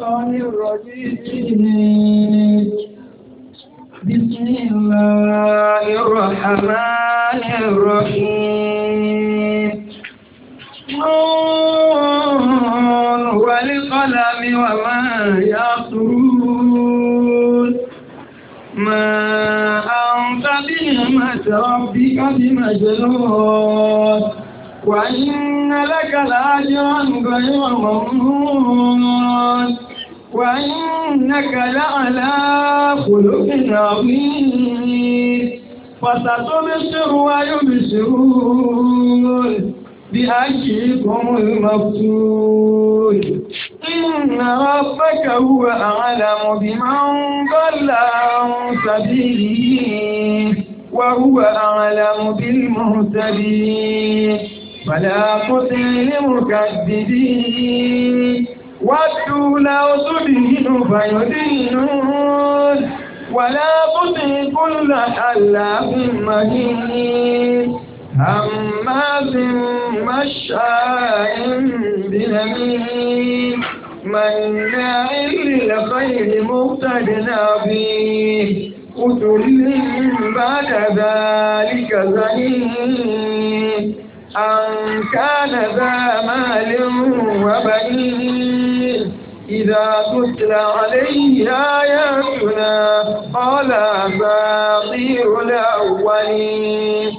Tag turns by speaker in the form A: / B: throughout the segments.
A: بسم الله الرحمن الرحيم نون والقلم وما يسرون ما أنت بنعمة ربك بمجنون وإن لك لأجرا غير ممنون وإنك لعلى خلق عظيم
B: فستبصر ويبصرون بأجلكم المفتون إن
A: ربك هو أعلم بمن ضل عن سبيله وهو أعلم بالمهتدين فلا تطع المكذبين ودوا لو تدهن فيدينون ولا تطع كل حلاف مهين هماز مشاء بنميم مناع للخير مقتد فيه قتل بعد ذلك زنيم أن كان ذا مال وبنين إذا تتلى عليه آياتنا قال أساطير الأولين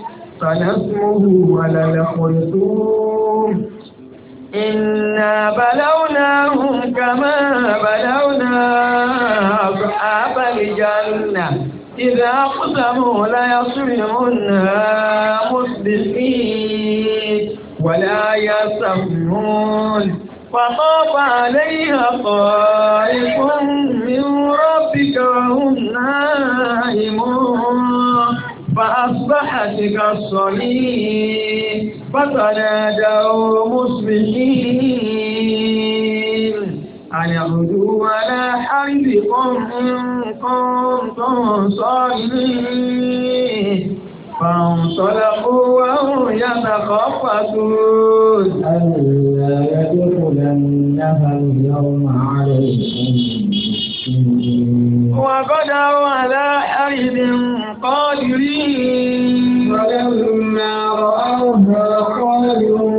A: فنسمه على الخرطوم إنا بلوناهم كما بلونا أصحاب الجنة إذا أقسموا ليصرمنها مصبحين ولا يستغنون فطاف عليها طائف من ربك وهم نائمون فأصبحت كالصليب فتنادوا مصبحين عن اغدوا على حرثكم إن كنتم فهم فانطلقوا وهم يتخفتون ألا يدخلنها اليوم
C: عليكم وقد على حرث
A: قادرين ولما رأوها قالوا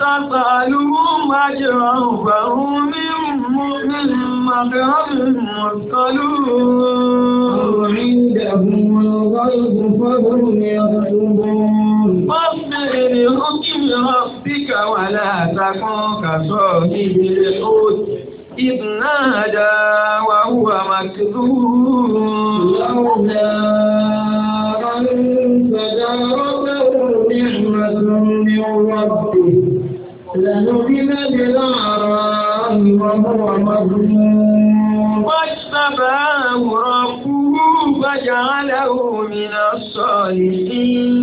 A: تسألهم أجرا فهم من مكرم مثقلون عندهم الغيب فهم يكتبون فاصبر لحكم ربك ولا تكن كصاحب الحوت إذ نادى وهو مكذوب لولا أن نعمة
C: من ربه لنبذ بالعراء وهو مظلوم فاجتباه ربه
A: فجعله من الصالحين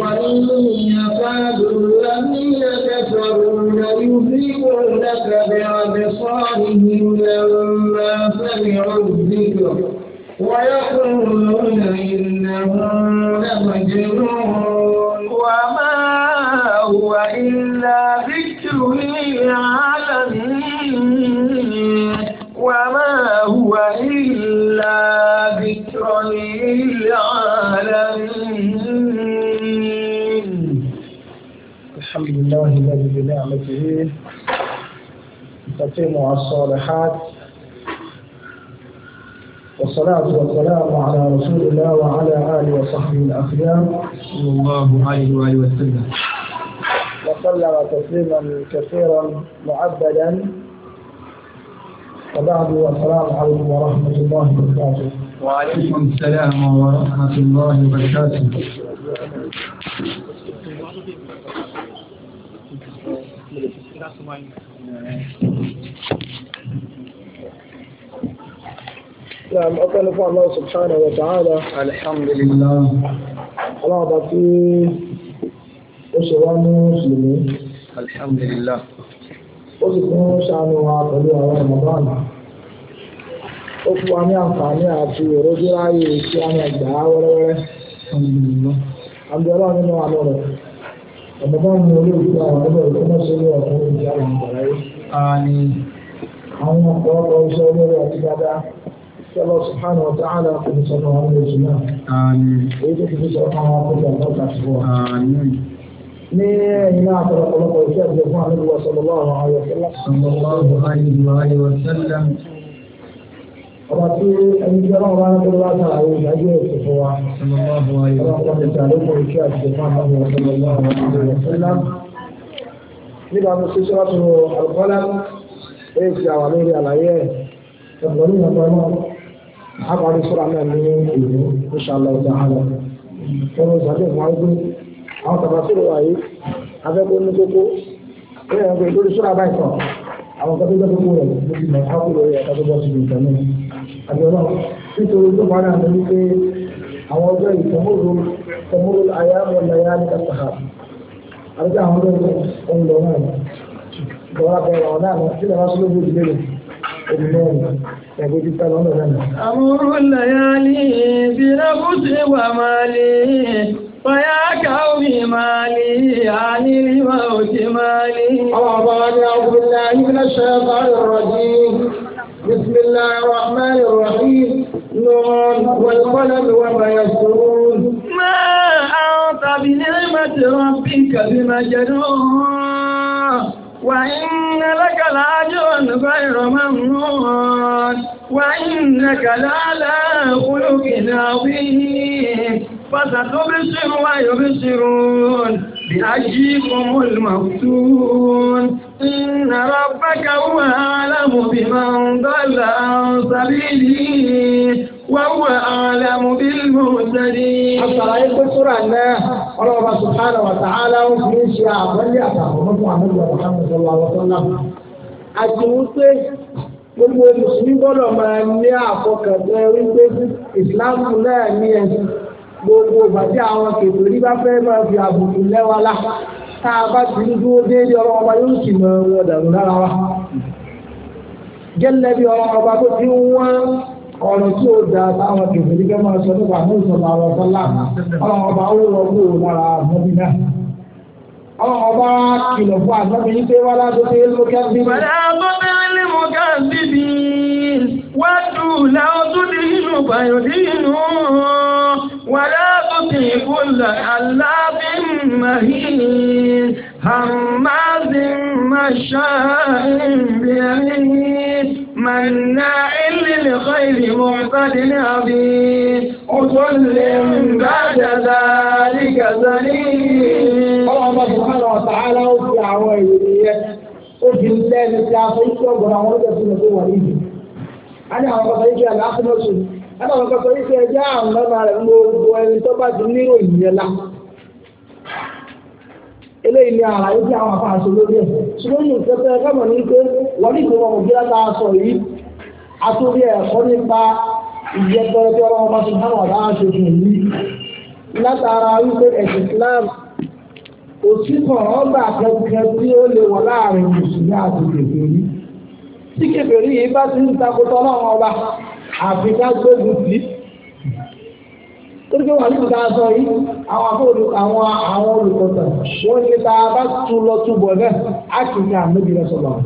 A: وإن يكاد الذين كفروا ليزيغونك بأبصارهم لما سمعوا الذكر ويقولون
B: إنهم لمجنون
A: وما
C: هو
B: إلا ذكر
A: للعالمين وما هو إلا ذكر للعالمين
C: الحمد لله الذي بنعمته تتم
B: الصالحات والصلاة والسلام على رسول الله وعلى آله وصحبه الأخيار
C: صلى الله عليه وآله وسلم
B: وسلم تسليما كثيرا معبدا وبعد والسلام عليكم ورحمة الله وبركاته وعليكم
C: السلام ورحمة الله وبركاته you.
B: Islam ọpẹ́ ní fún Allah subhanahu wa ta'ala. Alhamdulillah. Ọlọ́run bá tí ó ṣe wá ní Mùsùlùmí. Alhamdulillah. Ó sì fún ṣàánú wa pẹ̀lú àwọn Ramadan. Ó fún wa ní àǹfààní àti òrójú ráyè tí a ní ẹgbà wẹ́rẹ́wẹ́rẹ́. Àbí ọlọ́run nínú àlọ́ rẹ̀. Ramadan ni olóògbé àwọn ọmọ ìgbọ́n ṣe ní ọ̀tún ìdí àwọn ìgbàláyé. Àwọn ọ̀pọ̀lọpọ̀ iṣẹ́ olóró àti dáadáa. kí ọlọ́ subhanahu wa ta'ala kò ní sọ́nà àwọn méjì náà. èyí tó fi fi sọ́nà àwọn akọ́jọ́ àbọ̀tà sí wọn. ní ẹ̀yìn náà àtọ̀rọ̀ ọ̀pọ̀lọpọ̀ ìṣe àgbẹ̀ fún àmì ìwà sallallahu alaihi wasallam.
C: sallallahu alaihi wasallam.
B: ọba tí ẹni tí ọlọ́run bá ń tó láta àwọn ìdájọ́ ètò fún wa. sallallahu alaihi wasallam. nígbà tó ṣe sọ́ọ̀tù àlùkọ́lá èyí ti àwọn lórí àlàyé ẹ̀ ẹ̀gbọ́n ní ìyàtọ̀ náà. àbárí sọ́ra náà ní ìlú ìṣàlọ̀ ọ̀dà àlọ́ ẹnu ìsàlẹ̀ ìwọ̀n ayé àwọn tàbátìrì wà yìí abẹ́kọ̀ ní kókó ẹ̀yẹ ẹ̀gbẹ́ lórí sọ́ra báyìí kan àwọn tó gbẹ́gbẹ́ gbogbo rẹ̀ ló ti mọ̀ ákúrò rẹ̀ ẹ̀ka tó bọ́ síbi ìtàn náà àbíọ́lá nítorí tó bá náà ní wípé àwọn ọjọ́ ìtẹ̀mọ́rò tẹ̀mọ́rò àyàwọ̀ lẹ́yà ní kàtàkà àbíkẹ́ àwọn ọjọ́ ìtẹ̀mọ́rò ọ̀hún lọ́wọ́ náà
C: النوم يقول يسأل
A: أمر الليالي بنفسي ومالي فيا قوم مالي عن الموت مالي أعوذ بالله من الشيطان
B: الرجيم بسم الله الرحمن الرحيم نون والقلم وما يسرون ما أنت بنعمة ربك بمجنون وإن لك لأجرا
A: غير ممنون وإنك لعلى خلق عظيم فستبصر ويبصرون بأجيكم المفتون إن ربك هو أعلم
B: بمن ضل عن سبيله وهو أعلم بالمهتدين أصلاً بسرعة الله سبحانه وتعالى في شيء أبني أتعلم محمد محمد صلى الله عليه وسلم àti wípé gbogbo mùsùlùmí gbọ́dọ̀ máa ní àfọkànjẹ́ wípé ìsìláàmù náà ní ẹ̀sìn gbogbo ìbàdí àwọn kèfèrí bá fẹ́ máa fi àbùkù lẹ́wà lá tá a bá ti ń dúró déédéé ọlọ́wọ́ ọba yóò sì mọ wọn dàrú lára wa. gẹ́lẹ́ bí ọlọ́wọ́ ọba tó ti ń wọ́n ọ̀nà tí ó da táwọn kẹfìrí kẹ́ máa sọ nípa ní ìsọ̀rọ̀ àwọn ọ̀sọ́lá ọlọ́run ọba ó lọ kó lára àmọ́bí náà ọlọ́run ọba kìlọ̀ fún àgbọ̀mí yìí pé wọ́n á dókè lókè bíbí
A: wájú làwọn tún ní inú bàyò ní inú wàlá tó ti kú là aláàbí màhín hàmázín màṣáìn bìrìn mànà ìlìlì kọ́ìlì mọ̀kàdé ní àbí
B: ọ̀tọ́lẹ̀ ńgbàdà dàlíkà dàlí. ọlọ́mọba sọ̀rọ̀ ọ̀tá aláwọ̀ fi àwọn ìròyìn yẹn ó àní àwọn kan yìí kí ẹ̀ láti lọ àwọn yìí àwọn ọmọ ń gbogbo ẹni tó bá ti la. eléyìí ni àwọn lórí ṣùgbọ́n yìí ní pé wọ́n ní ìgbìmọ̀ a yìí àtúndì ẹ̀kọ́ nípa ìyẹ́tọ́rẹ́ tí ọlọ́run bá ti dáhùn látara wípé ẹ̀sìn Islam ọgbà kẹkẹ tí ó lè láàrin mùsùlùmí tí kébèrè yìí bá ti ń takotọ́ ọlọ́run ọba àfi ká gbógun tì í. torí pé wà nínú tá a sọ yìí àwọn akóòdù àwọn àwọn olùkọ́tà wọ́n ti ta bá tún lọ túbọ̀ náà á kì í ká àmójú lọ sọ̀rọ̀.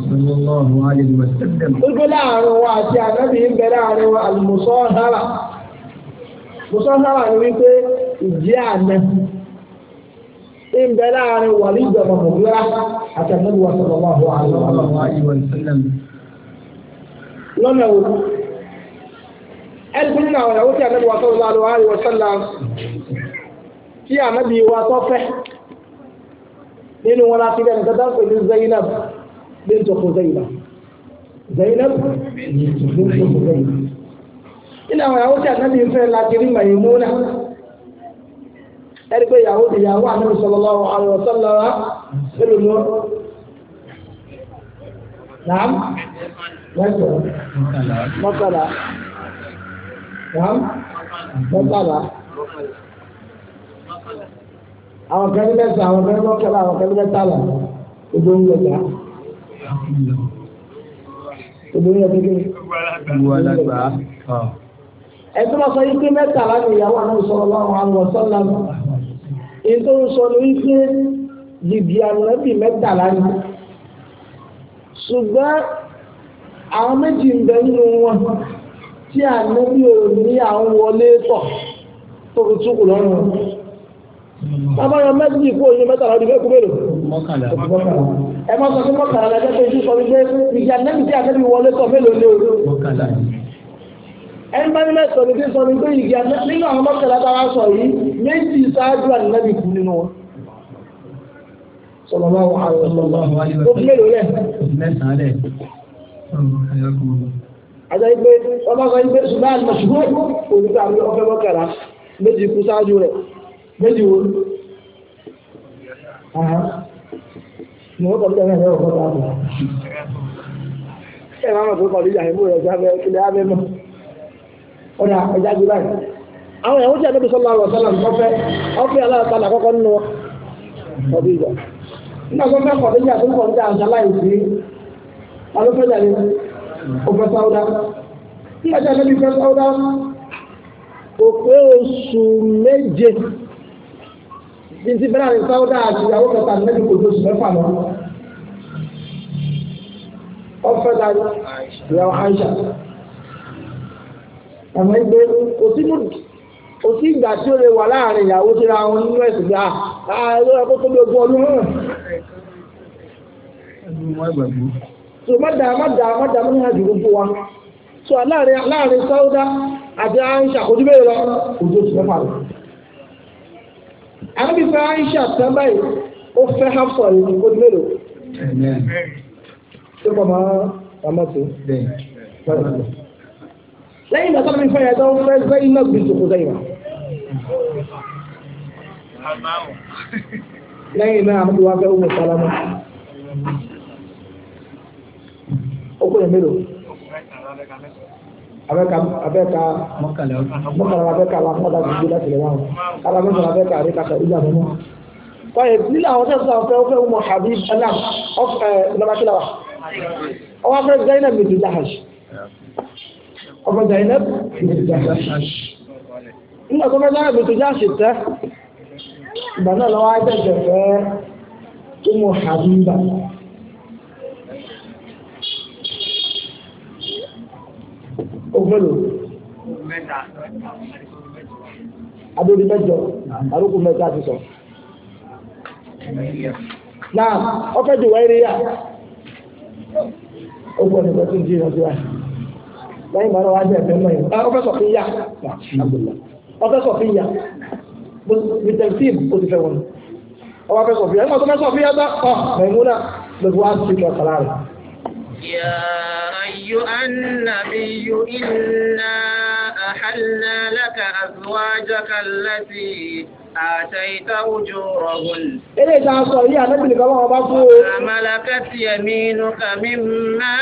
B: torí pé láàrin wọn àti àgbẹ̀bí ń bẹ láàrin wọn àlùmọ̀sọ́ sára mọ̀sọ́ sára ni wípé ìjì àná ń bẹ láàrin wàlíjọba mọ̀gbẹ́rà àtàlẹ́wà sọ̀rọ̀ wà wà àlọ́ lọ́nà wo ẹgbẹ́ nínú àwọn ìyàwó tí ànábì wa sọ́rọ̀ láàrin wàhálì wọ́n sọ́lá tí ànábì wa tó fẹ́ nínú wọn láti rẹ̀ nǹkan tó ń pè ní Zainab bint Khuzayma
C: Zainab bint Khuzayma
B: nínú àwọn ìyàwó tí ànábì fẹ́ láti rí Maimuna ẹni pé ìyàwó ti yàwó ànábì sallallahu alaihi wa
C: mẹ́sàn-án mọ́kànlá mọ́kànlá àwọn kan ní mẹ́sàn-án àwọn kan ní
B: mọ́kànlá àwọn kan ní mẹ́tàlá ojú ń lọ gbà. ojú ń lọ gbà kékeré. ẹ̀sùn máa sọ yìí pé mẹ́tàlá ni ìyàwó àná ìṣòro lọ́rùn àwọn ọ̀sán lánàá. èyí tó ń sọ ni wípé jìbìyàn nàbì mẹ́tàlá ṣùgbọ́n àwọn méjì ń bẹ nínú wọn tí ànábì ò ní àwọn wọlé tọ̀ tó fi túkù lọ́rùn tabayọ méjì kó oyin mẹ́tàlá ọdún mẹ́kú mélòó. ẹ má sọ pé mọ́kànlá lẹ́jọ́ pé ojú sọ wípé ìyá ànábì tí ànábì wọlé tọ̀ mélòó ni o. ẹni bá ní mẹ́sàn-án ní sọ ni pé ìyá nínú àwọn mọ́kànlá tá a sọ yìí méjì ṣáájú ànábì kú nínú wọn sọlọ́wọ́ àwọn àlọ́ sọlọ́wọ́ àwọn àlọ́ àjọ ìgbé ọba kan ìgbé ṣùgbọ́n àlùmọ̀ṣùgbọ́n olùkọ́ àwọn ọ̀fẹ́ mọ́kànlá méjì kú sáájú rẹ̀ méjì wo. Mo kọ̀ bí alọ́fẹ́lá ni ó fẹ́ sáúdá a ṣe fẹ́ sáúdá kò pé oṣù méje títí bẹ́ẹ̀ ni sáúdá àti ìyàwó kẹta nẹ́bí kò tó oṣù mẹ́fà lọ ọfẹ́ dání ìyàwó Aisha àmọ́ ìgbé kò sí mú kò sí ìgbà tí ó lè wà láàrin ìyàwó tí ra wọn nínú ẹ̀sìn gbà á ah, ah, tó bí ogún ọdún náà. so mọ́dà mọ́dà mọ́dà mọ́ níhàjì gbogbo wa so láàrin láàrin sáúdà àti Aisha kò dúbẹ̀ lọ òjò oṣù mẹ́fà rẹ̀ àwọn ìfẹ́ Aisha tán báyìí ó fẹ́ Hafsa rẹ̀ ní kò lọ. ṣé kò máa máa máa tó lẹ́yìn ìgbà tọ́lá mi fẹ́ yàtọ̀ fẹ́ sẹ́yìn náà gbé ìṣòkò sẹ́yìn wa. lẹ́yìn náà àmọ́ fẹ́ ọmọ sálámà. okòyè mélòó
C: abẹ́ka abẹ́ka mọ́kànlá abẹ́ka
B: wa kọ́ láti gbé láti lè wá wọn kára mẹ́sàn-án abẹ́ka àríkà sàrí ìjà mọ́mọ́. kọ́yẹ̀ nílẹ̀ àwọn sẹ́sọ̀ ọ̀fẹ́ ọ̀fẹ́ ọmọ habib alam ọ̀fẹ́ lọ́bàkílà wa ọwọ́ afẹ́ zainab bin jahash ọ̀fẹ́ zainab bin jahash. nígbà tó fẹ́ zainab bin jahash tẹ́ ìgbà náà lọ́wọ́ ayé tẹ̀sẹ̀ fẹ́ ọmọ habib alam. mélòó adóri mẹ́jọ àrùkù mẹ́ta ti sọ náà ọkọ̀ jù wáyé rí yá ó gbọ́ nípa tí ń jí ìrọ̀jú wáyé lẹ́yìn mọ́ra wá jẹ́ ẹ̀fẹ́ mọ́yìn ọkọ̀ sọ fi yá ọkọ̀ sọ fi yá mr steve ó ti fẹ́ wọn ọkọ̀ sọ fi yá ẹ̀fọ́ tó mẹ́sọ̀ fi yá bá ọ̀ mẹ́múnà lọ́dún wá sí ìkọ̀ kàlá
C: يا
A: أيها النبي إنا أحلنا لك أزواجك التي آتيت أجورهن
B: إليه
A: ملكت يمينك مما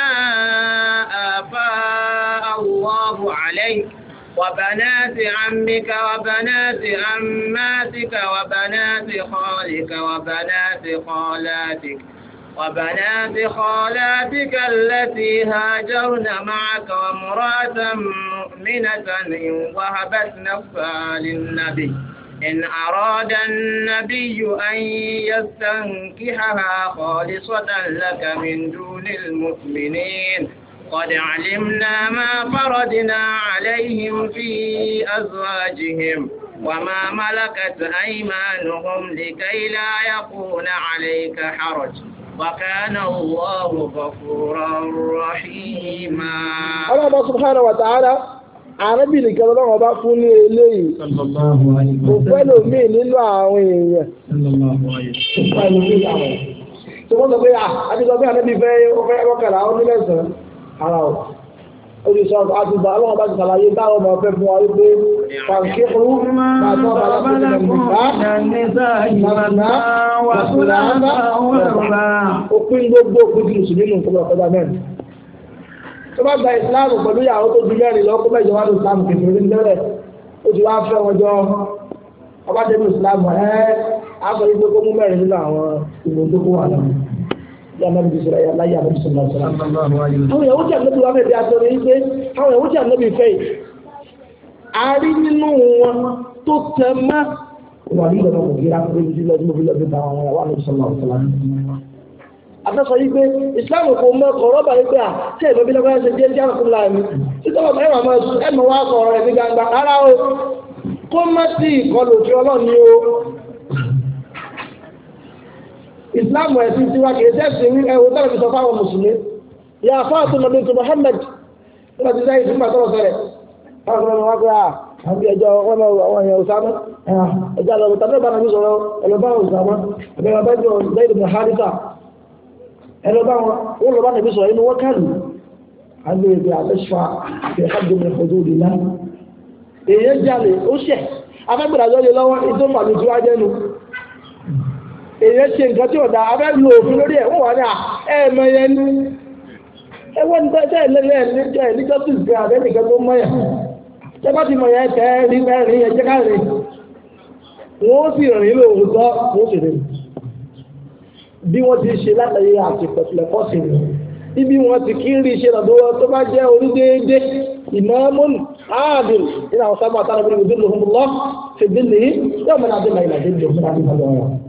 A: آفاء الله عليك وبنات عمك وبنات عماتك وبنات خالك وبنات خالاتك وبنات خالاتك التي هاجرن معك وامرأة مؤمنة إن وهبت نفسها للنبي إن أراد النبي أن يستنكحها خالصة لك من دون المؤمنين قد علمنا ما فرضنا عليهم في أزواجهم وما ملكت أيمانهم لكي لا يكون عليك حرج وكان الله غفورا رحيما
B: الله سبحانه وتعالى àrábì nìkan lọ́wọ́ bá fún ní eléyìí kò pẹ́lú mi nínú àwọn èèyàn pẹ̀lú mi àwọn tí wọ́n sọ pé ah, àbíkọ́ fẹ́ ọkàlà ọdún mẹ́sàn-án ara ọ̀ oríṣi ọ̀rọ̀ àtìgbà ọlọ́run bá ti ṣàlàyé táwọn ọmọ ọ̀fẹ́ fún wa wípé pàǹkì fún bàtọ́ bàtọ́ nígbà nàná wà fúnra náà òpin gbogbo òpin ti mùsùlùmí nù kọ́mọ̀ ọ̀kọ́dá mẹ́rin. tó bá gba ìsìláàmù pẹ̀lú ìyàwó tó ju mẹ́rin lọ kó mẹ́jọ wá ló sàmù kékeré ní tẹ́lẹ̀ ó ti wá fẹ́ wọn jọ ọba tẹ́lẹ̀ ìsìláàmù ẹ̀ á sọ yàmẹ́bí bí sọ̀rọ̀ yàrá yàmẹ́bí sọ̀rọ̀ sọ̀rọ̀. àwọn ìyàwó tí ànábì wà mẹ́bí àtọ́rọ̀ yìí pé àwọn ìyàwó tí ànábì fẹ́ yìí a rí nínú wọn tó tẹ mọ́. wà ní ìlànà òkè rà pé ibi lọ́dún mo fi lọ́dún bá àwọn ìyàwó ànábì sọ̀rọ̀ sọ̀rọ̀. afẹ́sọ̀ yìí pé Islam kò mọ kọ̀rọ̀ bá yìí pé à tí èmi bí lọ́kọ́ ẹ̀sẹ̀ jẹ́ kó má sí ìkọlù tí ọlọ́ọ̀ni o ìsìláàmù ẹ̀sìn tiwa kì í sẹ́sìn rí ẹ̀wọ̀ tẹ́lẹ̀ fi sọ fáwọn mùsùlùmí yà á fáwọn tó lọ bí tu Muhammad nígbà tí sáyé ìsúnmọ̀ sọ̀rọ̀ sọ̀rẹ̀ káwọn ọmọ wa gbé àbí ẹjọ́ wọn lọ àwọn èèyàn Usama ah, ẹjọ́ lọ tàbí ẹ̀bá nàbí sọ̀rọ̀ ẹlọ́bá Usama ẹ̀bẹ̀ bàbá jọ lẹ́yìn ìbùn Harisa ẹlọ́bá wọn lọ́bá nàbí sọ̀rọ̀ inú wọ́n kàlù àbí ẹ̀bí àtẹ́sùfà fi hajj min hududillah èèyàn jalè ó ṣẹ̀ afẹ́gbẹ̀rẹ̀ àjọyọ̀ lọ́wọ́ ìtọ́fà èèyàn ṣe nǹkan tí ọ̀dà abẹ́ òfin lórí ẹ̀ wọ́n wà ní à yẹn ní ẹ wọ́n nípa ẹsẹ̀ lẹ́lẹ́ níjọ́ níjọ́ sì gbé abẹ́ nìkan tó mọ̀ yẹn ṣé bá ti n'oge yẹn rí mẹ́rin yẹn wọ́n sì rìn wọ́n sì rìn bí wọ́n ti ṣe àti sí wọn ti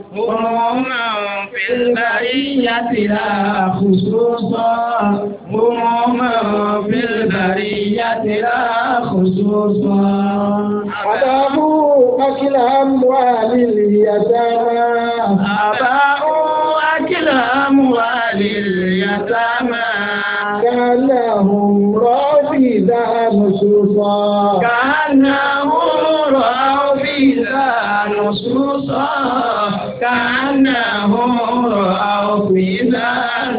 A: هموما في البرية لا خصوصا هموما في البرية لا خصوصا أباه أكل أموال اليتامى أباه أكل أموال اليتامى كان لهم رافدا نصوصا كان لهم رافدا نصوصا أنهم رأوا فينا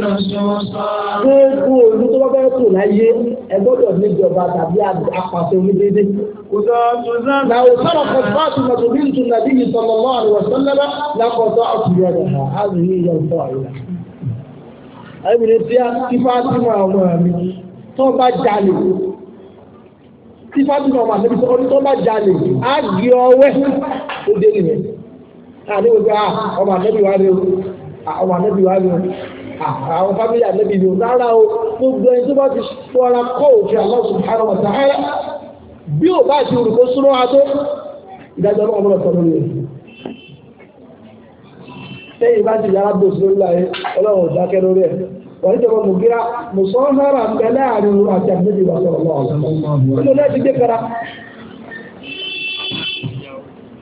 A: نصوصا
B: Gbogbo ìlú tó bá bẹ́ẹ̀ kù láyé ẹ gbọ́dọ̀ níjọba tàbí apàṣẹ onídéédé. Làwọn sọ̀rọ̀ kan fáàtì mọ̀tò bí ntun nàbí yìí sọ̀rọ̀ lọ́wọ́ àlùwọ̀ sọ́lẹ́lá lápọ̀tọ́ àtúnyẹ̀ rẹ̀ hà á lè ní ìyá ìfọ̀ àyè. Àyẹ̀bìnrin tí a ti fáàtì mọ̀ àwọn àmì tó bá jalè tí fáàtì mọ̀ àwọn àmì tó bá jalè á gbé ọwẹ́ ó dé nìyẹn. àdéhùn pé ah, ọmọ ànábì wá rí o ah, ọmọ ànábì wá rí o ah, àwọn o rárá o gbogbo ẹni tó bá ti fọra kọ́ òfin Allah subhanahu wa ta'ala bí bá ti rò kó súnmọ́ wa tó ìdájọ́ náà bá ti yára sí lórí ọlọ́run lórí ẹ̀ wọ́n ti mú gíra ń bẹ láàrin àti àgbẹ̀dẹ̀ sọ̀rọ̀ lọ́wọ́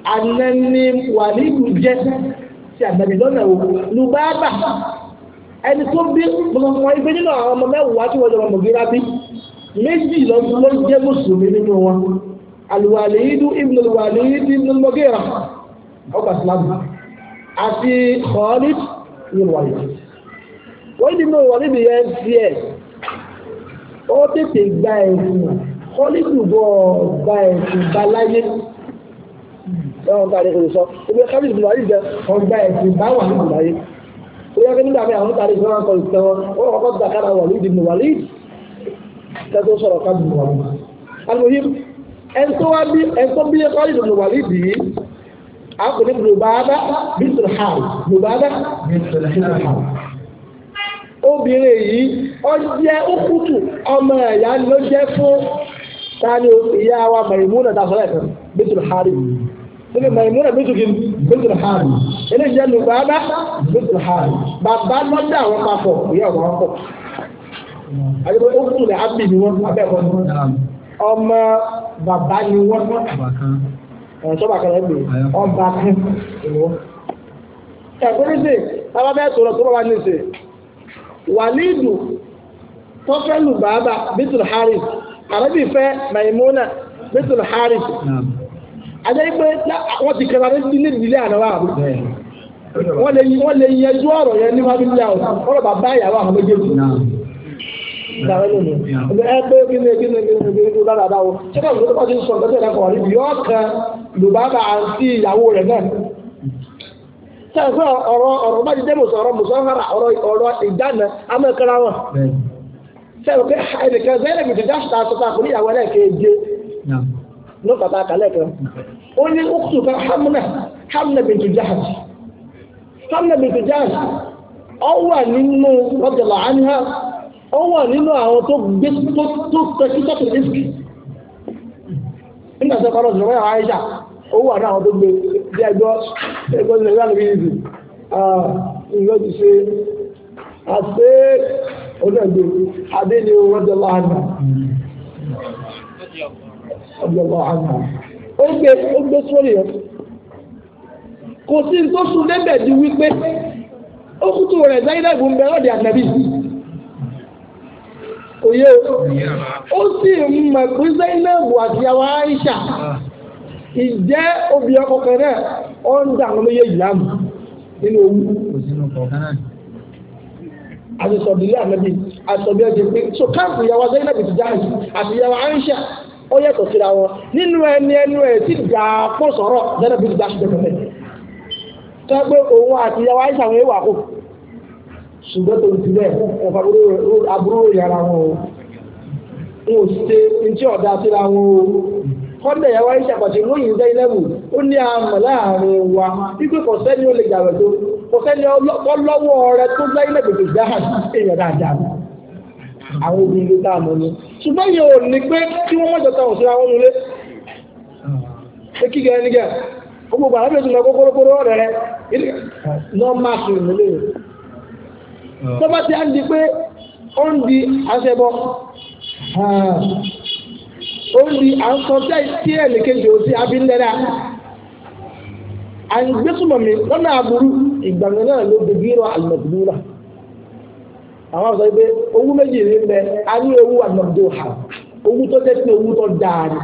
B: anani wàlíyù jẹ́ ti àgbàdì lọ́nà o lùbáàbà ẹni tó bí ọmọ ìgbé nínú àwọn ọmọ mẹ́wàá tí wọ́n jọ ọmọ gíga bí méjì lọ́dún ló jẹ́ mùsùlùmí nínú wọn alùwàlíyìdú ibùdó alùwàlíyìdú ibùdó mọ́gẹ́rà ọgbà sílámù àti khalid ní wàlíyìdú wọ́n ní mọ̀ wọ́n níbi yẹn tiẹ̀ ó tètè gba ẹ̀sùn khalid bọ̀ gba ẹ̀sùn balayé ẹ̀wọ̀n tá a lè kò lè sọ ebi kábíyèsí bí wàlíì jẹ ọgbà ẹ̀sìn báwà ní àgbáyé ó yẹ kí nígbà mi àwọn tá a lè fi wọn kọ ìtẹ́ wọn ó kọ́kọ́ ta kára wàlíì dìbò wàlíì tẹ́tọ́ sọ̀rọ̀ kábíyèsí wàlíì. alùpùpù ẹni tó wá bí ẹni tó bí kábíyèsí dìbò wàlíì dì í àpò ní bùbáàbá bíntùn obìnrin yìí ọjẹ́ òkútù ọmọ ẹ̀yà ló jẹ́ fún tani ìyá wa mẹ̀rìmúnà tàbí ọ̀rẹ́ kan bíntùn hàrù yìí sini maimuna bintu kini bintu hali eléyìí jẹ́ lùbàdà bintu hali bàbá lọ́dà àwọn papọ̀ ìyá ọ̀rọ̀ wọn pọ̀ àyẹ̀wò ókùn ní abdi ni wọn abẹ́ẹ̀kọ́ ni wọn ọmọ bàbá ni wọn sọ́ba kan ẹgbẹ́ ọba kan ni wọn. ẹ̀kọ́ ní sè bàbá bẹ́ẹ̀ sọ̀rọ̀ tó bàbá ní sè wàlídù tọ́fẹ́ lùbàdà bintu hali àrẹ́bí fẹ́ maimuna bintu hali. àjẹ́ pé wọ́n ti kẹra nílé ìdílé àlọ́wọ́ wọ́n lè yẹjú ọ̀rọ̀ yẹn ní family ọ̀rọ̀ bàbá ìyàwó àwọn méjèèjì. ẹ pé kí bá ti ọ̀rọ̀ ní ọ̀pá tá a kàlẹ́ ó ní ọ̀kùtù kan hamna hamna bintu jahaj hamna bintu jahaj ọ wà nínú ọ̀dọ̀lá àníhà ọ wà nínú àwọn tó gbé tó tẹ̀sí tọ́tù rìsíkì nígbà tó kọ́ lọ́sọ̀rọ̀ wọ́n yà wá ẹ̀ṣà ó wà ní àwọn tó gbé bí ẹgbọ́ ẹgbọ́ ní ẹgbẹ́ àlùbí yìí ìgbọ́ ti ṣe àṣẹ onígbè adé ni ó rọ́jọ́ ọ̀dọ̀lọ̀ àná ó gbé ó gbé sórí ẹ̀
C: kò sí tó sùn débẹ̀ di wípé
B: ó kútu rẹ̀ Zainab ń bẹ lọ́dẹ̀ òye ó sì mọ̀ pé àti àwọn Aisha ìjẹ́ obì ọkọ̀ kan náà ń dà àwọn méjèèjì láàmú nínú owó. àti sọ̀bìlì ànábì àti sọ̀bìlì ọ̀jẹ̀ pé so káàkiri ìyàwó Zainab ti dáhùn àti ìyàwó Aisha. ó yàtọ̀ síra wọn nínú ẹni ẹnu ẹ̀ sì dà pọ̀ sọ̀rọ̀ lẹ́nà bí gbà ṣùgbọ́n pẹ̀lẹ́ tó yẹ pé òun àti ìyàwó àìsàn wọn wà kó ṣùgbọ́n tó ti bẹ́ẹ̀ ẹ̀fà aburú yàrá wọn o n ò ṣe ntí ọ̀dà síra wọn o kọ́ńdà ìyàwó àìsàn pàṣẹ mú yìí sẹ́yìn ó ní àmọ̀ láàrin wa wípé kò ó lè gbàgbẹ́ tó kò ọlọ́wọ́ rẹ tó gbáyé lẹ́gbẹ̀gbẹ̀ dáhà èèyàn àwọn obìnrin ló tá a mọ̀ ni ṣùgbọ́n yìí ò ní pé kí wọ́n mọ̀jọ ta òṣèré àwọn nulẹ̀ pé kí gẹ̀ẹ́ nígẹ̀ gbogbo àwọn ọmọdé tó lọ kókórókóró rẹ̀ rẹ̀ náà má sùn nílé rẹ̀ tó bá ti á di pé ó ń di aṣẹbọ ó ń di à ń sọ tí ẹ̀ lèkejì ò sí abíndẹ́rẹ́ à ń lọ́nà àbúrú ìgbàgbọ́ náà ló dojú ìrọ̀ àlùmọ̀tìmúra àwọn sọ pé owó méjì rí mbẹ a ní owó àgbàdo ha owó tó jẹ́ pé owó tó dáa ni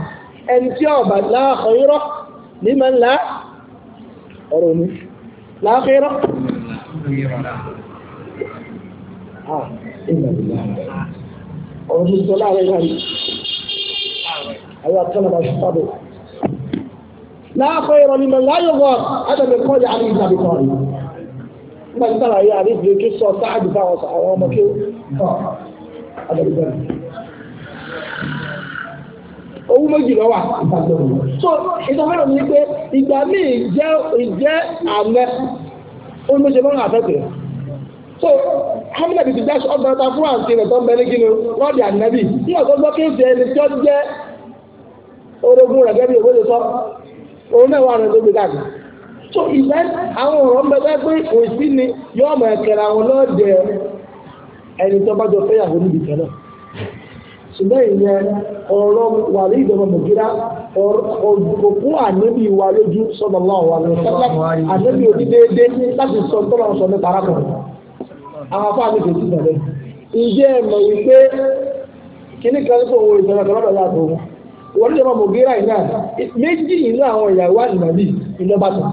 B: ẹni tí ọba láàkọ̀ọ́rọ́ ní máa ń la ọ̀rọ̀ ni láàkọ̀ọ́rọ́. Ah, ọ̀rọ̀ mi sọ láàrin náà àwọn akẹ́lẹ̀ bá ṣùpá bò. láàkọ̀ọ́rọ́ ni máa ń láyọ̀ wọ̀ nígbà tí sàlàyé àdébìlẹ kí sọ sáàdù fáwọn àwọn ọmọ kí ó àdébìlẹ. owó méjì lọ wà so ìtọ́fẹ́rọ̀ mi pé ìgbà míì jẹ́ ìjẹ́ ame ó ló ṣe mọ́nà àfẹ́kẹ́ so hamina bìtì dáṣọ ọgbọ̀n ta fún àǹtí rẹ̀ tó ń bẹ ní kíni lọ́ọ̀dì ànábì ní ọ̀gbọ́n gbọ́ kí ó jẹ́ ẹni tí ó jẹ́ orogún rẹ̀ gẹ́gẹ́ òwe lè sọ òun náà wà ní so ìgbà àwọn ọ̀rọ̀ ń bẹ́ẹ̀ pé òsì ni yóò mọ̀ ẹ̀kẹ́ra àwọn lọ́ọ̀dẹ̀ ẹni tó bá jọ fẹ́yàwó níbi kan náà ṣùgbọ́n ìyẹn ọ̀rọ̀ wà ní ìjọba mọ̀gíra òkú ànábì wa lójú sọ́dọ̀ láwọn wà lójú sọ́dọ̀ ànábì òní déédé láti sọ tó lọ́wọ́ sọ nípa arákùnrin àwọn afọ àmì kejì bẹ̀rẹ̀ ǹjẹ́ ẹ mọ̀ wípé kíní kan tó wọ ìjọba kan lọ́dọ̀ yàtọ̀ wọn ní ìjọba mọ̀gíra yìí náà méjì nínú àwọn ìyàwó ànábì ìjọba tán.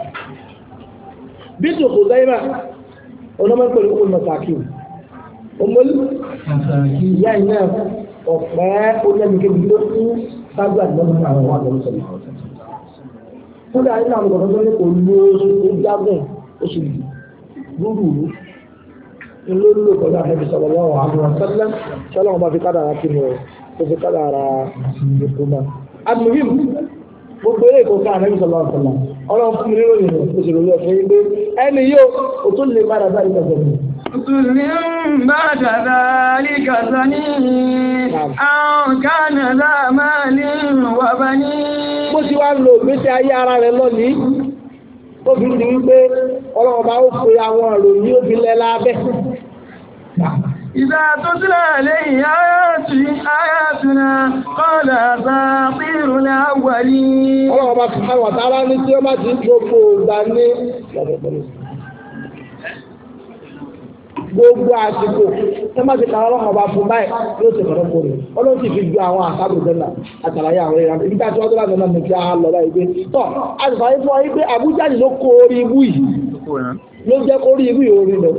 B: bíntù Khuzaimah ọlọ́mọ pẹ̀lú ọmọ mọ̀sáàkì ọmọlú ìyá iná ọ̀pẹ́ onídàbíkejì ló ń sáájú àdìmọ́tò àwọn ọmọ àgbọ̀n sọ̀rọ̀ kódà nínú àwọn ọ̀dọ́ tó ní kò lu oṣù tó jágùn oṣù rúrùrú ló ń lò pẹ̀lú àfẹ́bí sọ̀rọ̀ lọ́wọ́ àwọn sẹ́lẹ̀ sẹ́lẹ̀ wọn bá fi kádàrá kí ni o tó fi kádàrá ìkùnà. àdùnnú gbogbo eré ìkọ̀ọ̀kan àfẹ́bí ọlọ́run fún mi ní ìròyìn rẹ̀ oṣù lórí ọ̀fẹ́ yìí pé ẹni yóò o tún lè padà bá ìgbà gbọ̀gbọ̀.
C: Tùsùlì ń bá dàda àlìkàtà ní
B: àwọn Kánàdá máa ní wà bá ní. Bó ti wá lo ìgbésí ayé ara rẹ̀ lónìí, ó fi ń di wípé ọlọ́run bá ó pe àwọn ìròyìn ó fi lẹ́ lábẹ́. إذا تتلى عليه آياتنا قال أساطير الأولين الله ما سبحانه وتعالى ní tí ó bá ti gbogbo ìgbà ní gbogbo àsìkò tó má ti kàrọ ọlọ́run ọba fún báyìí yóò ṣe kọ̀ọ̀dọ́ kórè ọlọ́run sì fi ju àwọn àṣàbò jẹ́nà àtàlàyé àwọn ìlànà ibi tí a ti wá tó láti ọ̀nà nìkí a lọ báyìí pé tọ́ a sì fàáyé fún ọ yìí pé àbújá ló kó orí ibú yìí ló jẹ́ kó orí ibú yìí orí lọ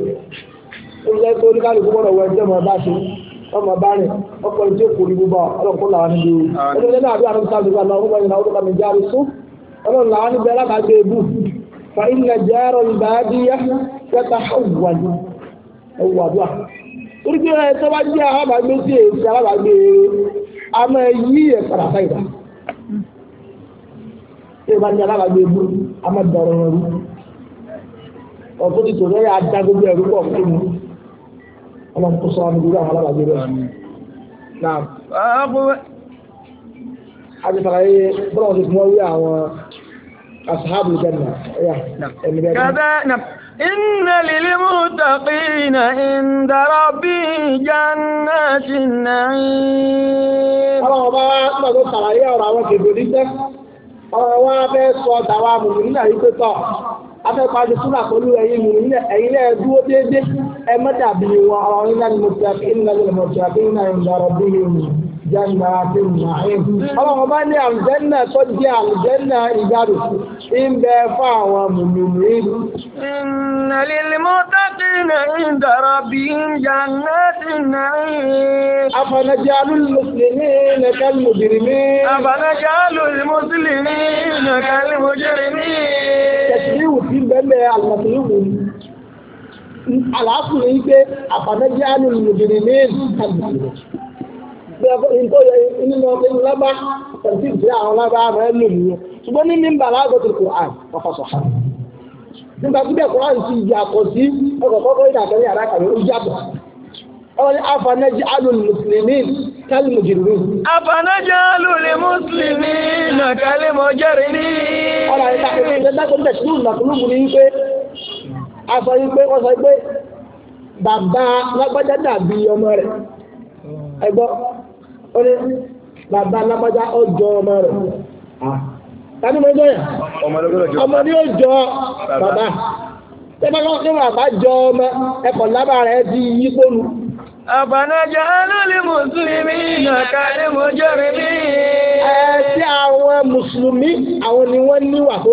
B: ó jẹ́ pé oníkálukú gbọ́dọ̀ wọ ẹgbẹ́ ọmọ bá ṣe ọmọ bá rìn ọkọ̀ ìjọ kò rí gbogbo ọlọ́kùn làwọn níbi onílẹ̀ náà bí àrùn sáà nígbà náà wọ́n yìnbọn ọdún kàmí járe sún ọlọ́run làwọn níbi alábàágbé ebú fa ilẹ̀ jẹ́rọ ìbàdíyà yẹta ọ̀wàdù ọ̀wàdùà torí pé ẹ tọ́ bá jẹ́ alábàágbé sí èsì alábàágbé àmọ́ ẹ yí ẹ̀ padà sáyidà tí gbogbo ẹ̀rú ọlọ́run tó sọ àmì ìlú àwọn alábàájẹ́ rẹ̀. náà àjẹsàlàyé bọ́lá wọn ti fún wọn wí àwọn asahabu jẹ́nà ẹ̀mí bẹ́ẹ̀ إن للمتقين عند ربي جنات النعيم ọlọ́run bá wá ń gbàgbọ́ sàlàyé ọ̀rọ̀ àwọn kèbèrè jẹ́ ọ̀rọ̀ wa fẹ́ sọ tàwa mùsùlùmí náà yí pé tọ̀ afẹ́pàdé súnà pẹ̀lú ẹ̀yin mú ẹ̀yin náà dúró déédéé ẹ mẹ́tàbí wọn ọ̀rọ̀ nígbà ni mo ti àfi ìnáwó lọ́mọ ti àfi ìnáwó lọ́mọ jàǹdà àti màáyé. ọlọ́run bá ní àlùjẹ́nà tó jẹ́ àlùjẹ́nà ìgbàdùn ń bẹ fún àwọn mùmìnì.
C: inna
B: lil muttaqina inda rabbihim jannati na'im. afanajalul muslimina kal mujrimin. afanajalul muslimina kal mujrimin. tẹ̀síwù ti bẹ́ẹ̀ àlùmọ̀tìwù àlàáfù yìí pé àfànàjálù mùjìrìmí kal mujrimin nítorí nínú ọdún lábá tàbí ìdílé àwọn lábá máa ń lò nìyẹn ṣùgbọ́n ní mímbà lágọ̀tì kùrán ọ̀fọ̀sọ̀ ha nígbà tí bẹ́ẹ̀ kùrán sí ọkọ̀ kọ́kọ́ ìdàgbẹ́ ní àdákàwé ó yàtọ̀ ọwọ́n afanaji alùmùsùlùmí kálùmùjìrì. afanaji alùmùsùlùmí nà kálùmùjìrì ó ní bàbá ọmọ tani mo jọ ọmọ ni ó jọ bàbá ní jọ ọmọ ti yí àbànájà lórí mùsùlùmí ní mo jẹ́rìí mí. ẹ ti àwọn mùsùlùmí àwọn ni wọ́n níwà tó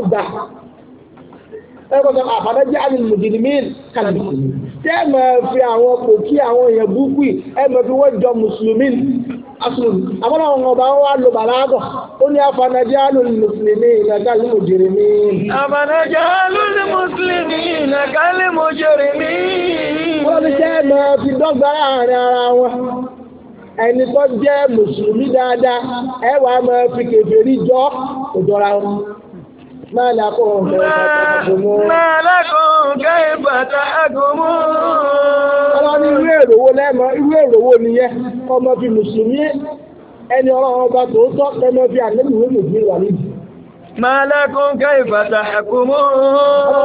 B: ẹ sọ àbànájà lórí mùsùlùmí
C: kàlùmí.
B: tẹ́ ẹ máa fi àwọn kò kí àwọn èèyàn búkú yìí ẹ fi wọ́n jọ mùsùlùmí asùn àwọn àwọn ọba wa lo bàlágọ̀ ó ní afanajà lóni mùsùlùmí ìnàgà lè mú jèrè mí. afanajà lóni mùsùlùmí ìnàgà lè mú jèrè mí. wọ́n tẹ́ ẹ fi ما لكم كيف تحكمون ما لكم كيف تحكمون ọlọ́ni irú èrò wo lẹ́mọ irú èrò wo nìyẹn ọmọ bíi mùsùlùmí ẹni ọlọ́run ọba tòótọ́ lẹ́mọ bíi àlẹ́mì wọ́n lè wà níbi. ما لكم كيف تحكمون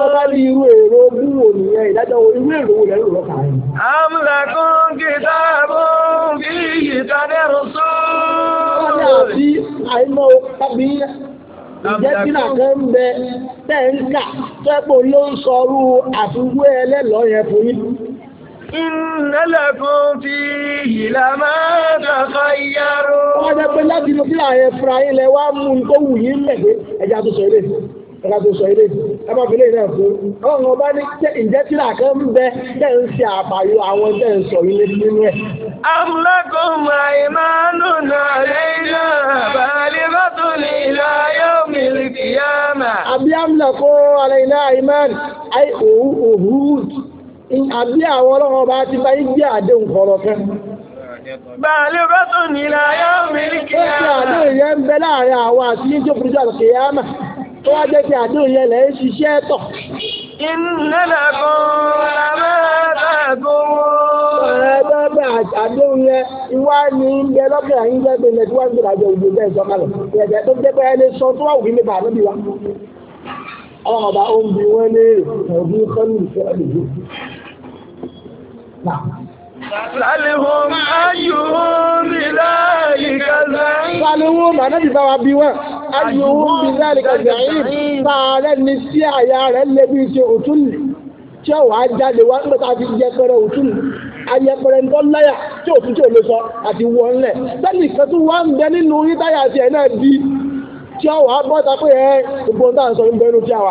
B: ọba ní irú èrò bú wo nìyẹn ìdájọ́ wo irú èrò wo lẹ́rù lọ́kàn rẹ̀. أم لكم كتاب فيه تدرسون. wọ́n ní àbí àìmọ́ tàbí Ǹjẹ́ tí nàkẹ́ ń bẹ tẹ́ ń kà sẹ́pò ló ń sọrú àfiwé ẹlẹ́lọ́ yẹn fún yín? Ìnálẹ̀kùn fi ìlà máa dàgbà ìyàrá. Wọ́n á jẹ́ pé láti inú fúlà yẹn fúra yín lẹ wá mú un tó wù yín mẹ̀gbẹ́ ẹja tó sọ eléyìí ẹ̀ka tó sọ ilé ẹ̀ka fi náà fún ọlọ́run ọba ní ǹjẹ́ tí náà kan ń bẹ tẹ̀ ń ṣe àbàyọ àwọn tẹ̀ ń sọ ilé nínú ẹ̀. amúlẹ́kùn máa ń máa ń nù náà lẹ́yìn náà bàálẹ̀ bá tó lè la
A: kìyàmà.
B: àbí amúlẹ́kùn alẹ́ náà imán àì òwú òwú àbí àwọn ọlọ́run ọba ti bá yín gbé àdéhùn kọ̀ọ̀rọ̀ kan. Bàálẹ̀ bá tó nílá yóò mìíràn kìyàmà. Ó ti àdéhùn yẹn ń bẹ láàrin àwọn àti tó wá jẹ́ pé àdéhùn yẹn lẹ́ ṣiṣẹ́ tọ̀. ìnáná kan lábẹ́ẹ̀dẹ́gùn. ẹ̀ẹ́dẹ́gbẹ̀ àdéhùn yẹn ìwá ni ń lọ́kẹ́ àyín jẹ́ pé ilẹ̀ tí wọ́n ń gbèrà jọ òjò bẹ́ẹ̀ sọ́mà lọ. ìyẹ̀dẹ̀ tó jẹ́ pé ẹni sọ tó wà wù mí bàbá mi wá. ọba ó ń wọ́n léèrè ọ̀gbìn kọ́lù ìfẹ́
C: ọ̀gbìn Sàlìhùn ayùhùn bìláàlì kàzà. Sàlìhùn màdájì bá wa bí wọ́n. Ayùhùn
B: bìláàlì ni àyà rẹ̀ lebi ṣe òtún lè. Tí ó wàá jáde wá a fi yẹpẹrẹ òtún lè. Ayẹpẹrẹ ń tí àti wọ́n lẹ̀. kan di. gbogbo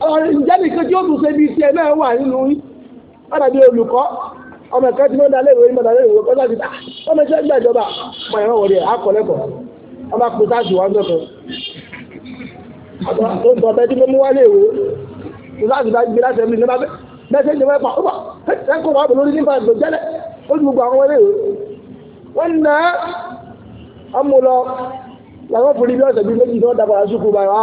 B: ǹjẹ́ nìkan tí ó tún ṣe bí iṣẹ́ náà wà nínú yín ọ̀dàbí olùkọ́ ọmọ ẹ̀ka tí wọ́n dalẹ̀ ìwé ìmọ̀dàlẹ̀ ìwé kọ́ láti tà ọmọ ẹ̀ṣẹ́ gbà ìjọba ọmọ ìran wọlé akọ̀lẹ́kọ̀ ọmọ akùnta sì wọ́n dọ̀kọ̀ tó ń tọ́tẹ́ tí mo mú wálé ìwé láti bá gbé láti ẹ̀mí nípa bẹ́ẹ̀ ṣe wọ́n pa ọ̀pọ̀ ẹ̀kọ́ wà lórí nípa ẹ̀gbẹ́ jẹ́lẹ̀ ó ti gbogbo àwọn wọlé ìwé wọ́n nà ọmọ lọ làwọn fòlì bí ọ̀sẹ̀ bíi méjì tó dábàá sùkúù báyìí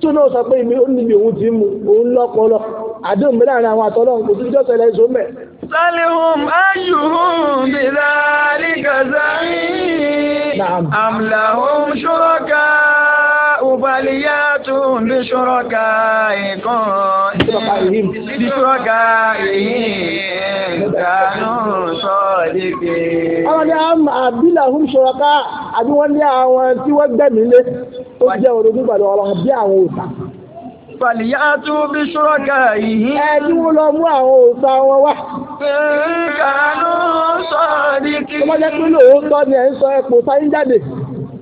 B: tí ó náà sọ pé ó níbi òun ti mú òun lọ́pọ̀lọ́ àdéhùn mi láàrin àwọn àtọ́lọ́ kò sí ìjọ́sọ ilẹ̀ ìṣó mẹ́. ayùhùn bìlá àlìkàzáyìn
A: aliyatun bí ṣúrọ́kà ìkan bí ṣúrọ́kà ìyìn ìdánù sọ́ọ̀dẹ́gbé.
B: àwọn ni a máa bí làhùn ṣúrọ́kà àbí wọ́n ní àwọn tí wọ́n gbẹ̀mí lé tó jẹ́ orogún pẹ̀lú ọ̀rọ̀ àbí àwọn òòtà. Fàlìyàtú bí ṣúrọ́kà yìí. Ẹni wo lọ mú àwọn òòṣà wọn wá? Kàánú sọ̀rọ̀ ní kí. Ọmọdé pínlẹ̀ òótọ́ ni ẹ̀ ń sọ ẹ̀pọ̀ sáyé jáde.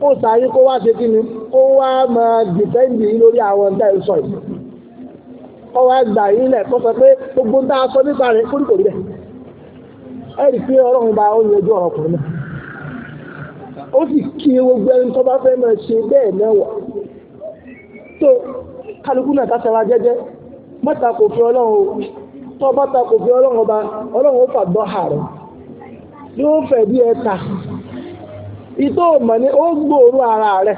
B: o sáré kó wá ṣe kí ni kó wá máa dìpẹ́ǹdì lórí àwọn ọ̀dà ìsọ̀ yìí kó wá gbà sọ pé gbogbo ń sọ nípa rẹ̀ kó rí pé ọlọ́run bá ó ọ̀rọ̀ ọkùnrin náà ó sì kí gbogbo ẹni tó bá fẹ́ máa ṣe bẹ́ẹ̀ náà tó fi ọlọ́run tó bá ta kò fi ọlọ́run ọba ọlọ́run ó fà gbọ́ ìtò mọ̀ ní ó gbòòrò ara rẹ̀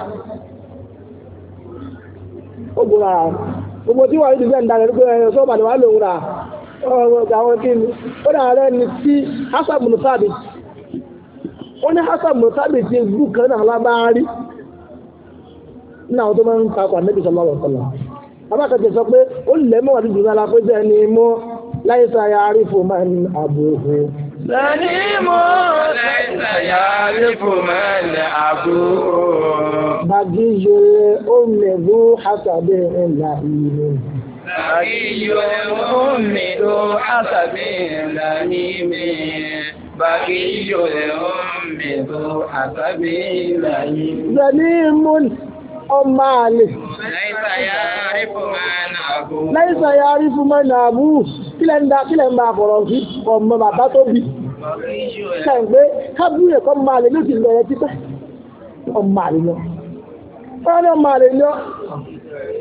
B: ó gbòòrò ara rẹ̀ gbogbo tí wọ́n ti fẹ́ǹda rẹ̀ gbogbo ẹ̀rọ sọ́ọ̀bà ni wọ́n lò wúra ọ̀rọ̀ àwọn kíni ó dà rẹ̀ ni tí hasabunu sábì ó ní hasabunu sábì ti gbú kan náà lábáárí nínú àwọn tó máa ń ta ọkọ̀ sọ pé ó lẹ́mọ̀ wà ní alápẹ́jẹ́ ni mo láyé sáyà máa ń àbò سليم
D: ليس يعرف من
B: أبوه بقي الأم ذو حسب لئيم
A: بقي الأم ذو حسب لئيم بقي الأم ذو حسب لئيم
B: سليم ọmọ àlè. láìsà ya rí fún mọ́ náà bú kílẹ̀ ń da kílẹ̀ ń bá àfọ̀rọ̀ sí ọmọ bàbá tó bí. kàǹgbé kábúrò kọ́ máa lè lóṣù lọ́yẹ títẹ́ ọmọ àlè lọ. wọ́n ní ọmọ àlè lọ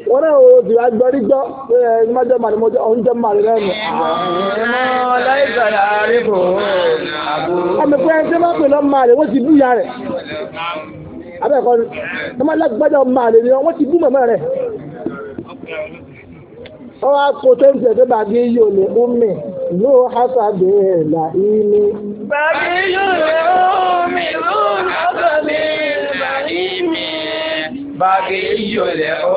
B: wọ́n náà wò ti wá gbọ́ níjọ́ ẹ ẹ májọ́ màlẹ́ mọ́jọ́ ọ̀hún jẹ́ màlẹ́ lẹ́nu. ọmọ láìsà ya rí fún ọmọ
C: àbúrò. ọmọ ìpínlẹ̀ ṣé má pè lọ́ màlẹ́ wọ́n ti bú ìyá rẹ̀
B: abẹ́ẹ̀kọ́ ni wọ́n máa lágbájá ọmọ àlè ni wọ́n ti bú màmá rẹ̀ wọ́n wá kó tó ń tẹ̀sẹ̀ bàbí yóò lè mú mi ló hásàbẹ̀ là í mi.
D: bàbí yóò lè mú mi ló hásàbẹ̀ là í mi.
B: bàbí yóò lè mú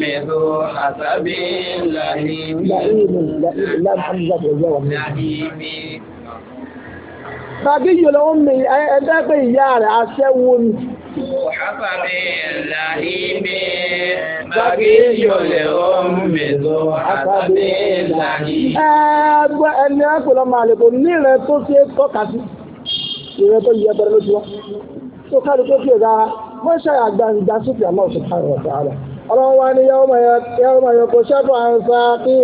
B: mi ló hásàbẹ̀ là í mi. là í mi là í mi. bàbí yóò lè mú mi ẹ̀ẹ́dẹ́gbẹ̀ ìyá rẹ̀ aṣẹ́wó ni.
C: وحفظ
A: اللهيب بقي الأم ذو حفظ اللهيب
B: ẹgbẹ́ ẹni akọ̀lọ́ máa lè kó nílẹ̀ tó ṣe tọ́ka sí ìrẹ́ tó yẹ bẹ̀rẹ̀ lójú wa tó káàdì tó ṣe rárá wọ́n ṣe àgbàǹdà sókè àmọ́ subhanahu wa ta'ala ọlọ́run wa ni yawma yaqulu shafa'a an saqihi.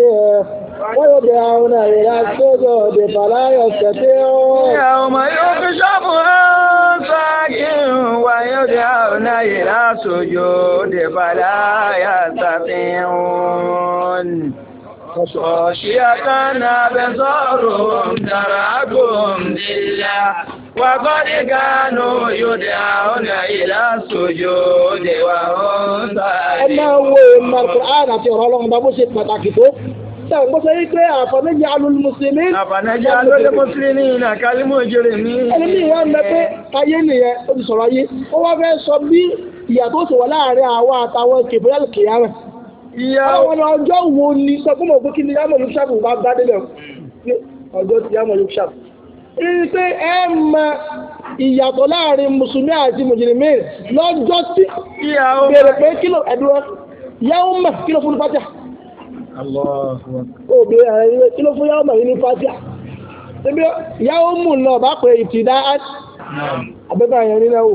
B: ويدعون إلى السجود فلا يستطيعون
A: يوم يكشف عن ساك ويدعون إلى السجود فلا يستطيعون خشية أبصارهم ترعبهم
B: ذلة
A: وقد كانوا يدعون إلى
B: السجود وهم
C: صادقون. Ẹ
B: máa wo ìmọ̀ Kùrán àti ọ̀rọ̀ Ọlọ́run bá bó ṣe pàtàkì tó sẹ́wọ̀n bó ṣe yí pé àfọ̀nẹ́jì alùmùsùlùmí. àfọ̀nẹ́jì alùmùsùlùmí ní àkálímù òjèrè mi. ẹni ní ìwà ń bẹ pé ayé nìyẹn ó ti sọ̀rọ̀ ayé ó wá fẹ́ sọ bí ìyà tó sì wà láàárín àwa àtàwọn kìbúrẹ́lì kìyàrá. ìyá àwọn ọjọ́ wo ni sọ fún mọ̀ pé kí ni yàmọ̀ yóò ṣàbù bá bá délẹ̀ ọjọ́ ti yàmọ̀ yóò ṣàbù. ìrìn pé ẹ mọ ìyàtọ̀ láàárín mùsùlùmí àti mùjìrìmí lọ́jọ́ tí. ìyá ọmọ bèrè pé kí ló ẹ̀dùn yàwó mọ̀ kí ló fún un fàjà òbí ẹ̀rẹ́ kí ló fún yàwó mọ̀ ní fàtíà ebi yàwó mú lọ bá pé ìtìdá abẹ́bẹ́ àyàn nínú ẹ̀wò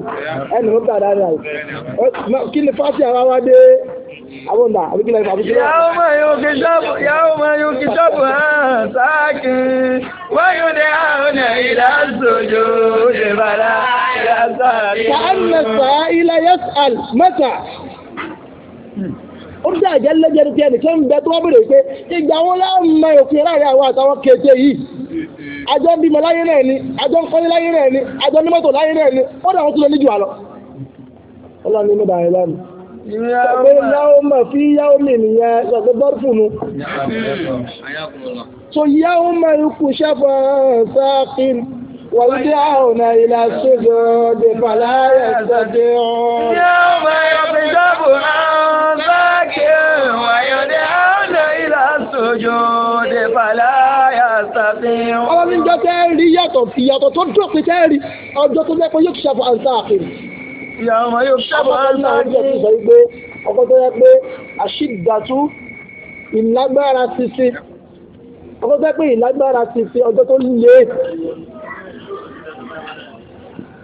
B: ẹni ló gbà dáadáa o kí ni fàtíà wá wá dé àwọn ọ̀nà àbíkí lẹ́yìn àbíkí lẹ́yìn. yàwó mọ̀ yóò kí sọ́ọ̀bù yàwó mọ̀ yóò kí sọ́ọ̀bù hàn sáàkì wáyé dé àwọn ìlà sojo ìbàdàn ìlà sáàkì. kàánà sàá ilẹ̀ yẹ́sàl mẹ́ta ó dá ìjẹ́ lẹ́jẹ́ ní tiẹ̀ nìkan bẹ tó wọ́n bèrè pé ìgbà wọn láwọn mọ òfin láàrin àwọn àtàwọn kété yìí àjọ ń bímọ láyé náà ni àjọ ń kọ́lé láyé náà ni àjọ ní mọ́tò láyé náà ni ó dà wọ́n tún lọ níjù àlọ́. ọlọ́run ní bàyẹ̀ lánàá. sọ̀gbẹ́ yáwó mọ̀ fi yáwó mi nìyẹn sọ̀gbẹ́ bọ́ọ̀fù nu. so yáwó mọ̀ ikú sẹ́fọ̀ sáfìn wọ́n dí àwọn ilà sódò dèbàlá ẹ̀ sọ́dẹ̀ ọ́. yáwó mọ̀ sujud fala yastati'un. ọlọ́run jọ tẹ́ rí yàtọ̀ ìyàtọ̀ tó dọ̀pin tẹ́ rí ọjọ́ tó lẹ́kọ̀ọ́ yóò ṣàfù àǹtà àkèrè. ìyàwó yóò ṣàfù àǹtà àkèrè. ọkọ tó yẹ pé àṣìdàtú ìlágbára ti ti ọkọ tó yẹ pé ìlágbára ti ti ọjọ́ tó lé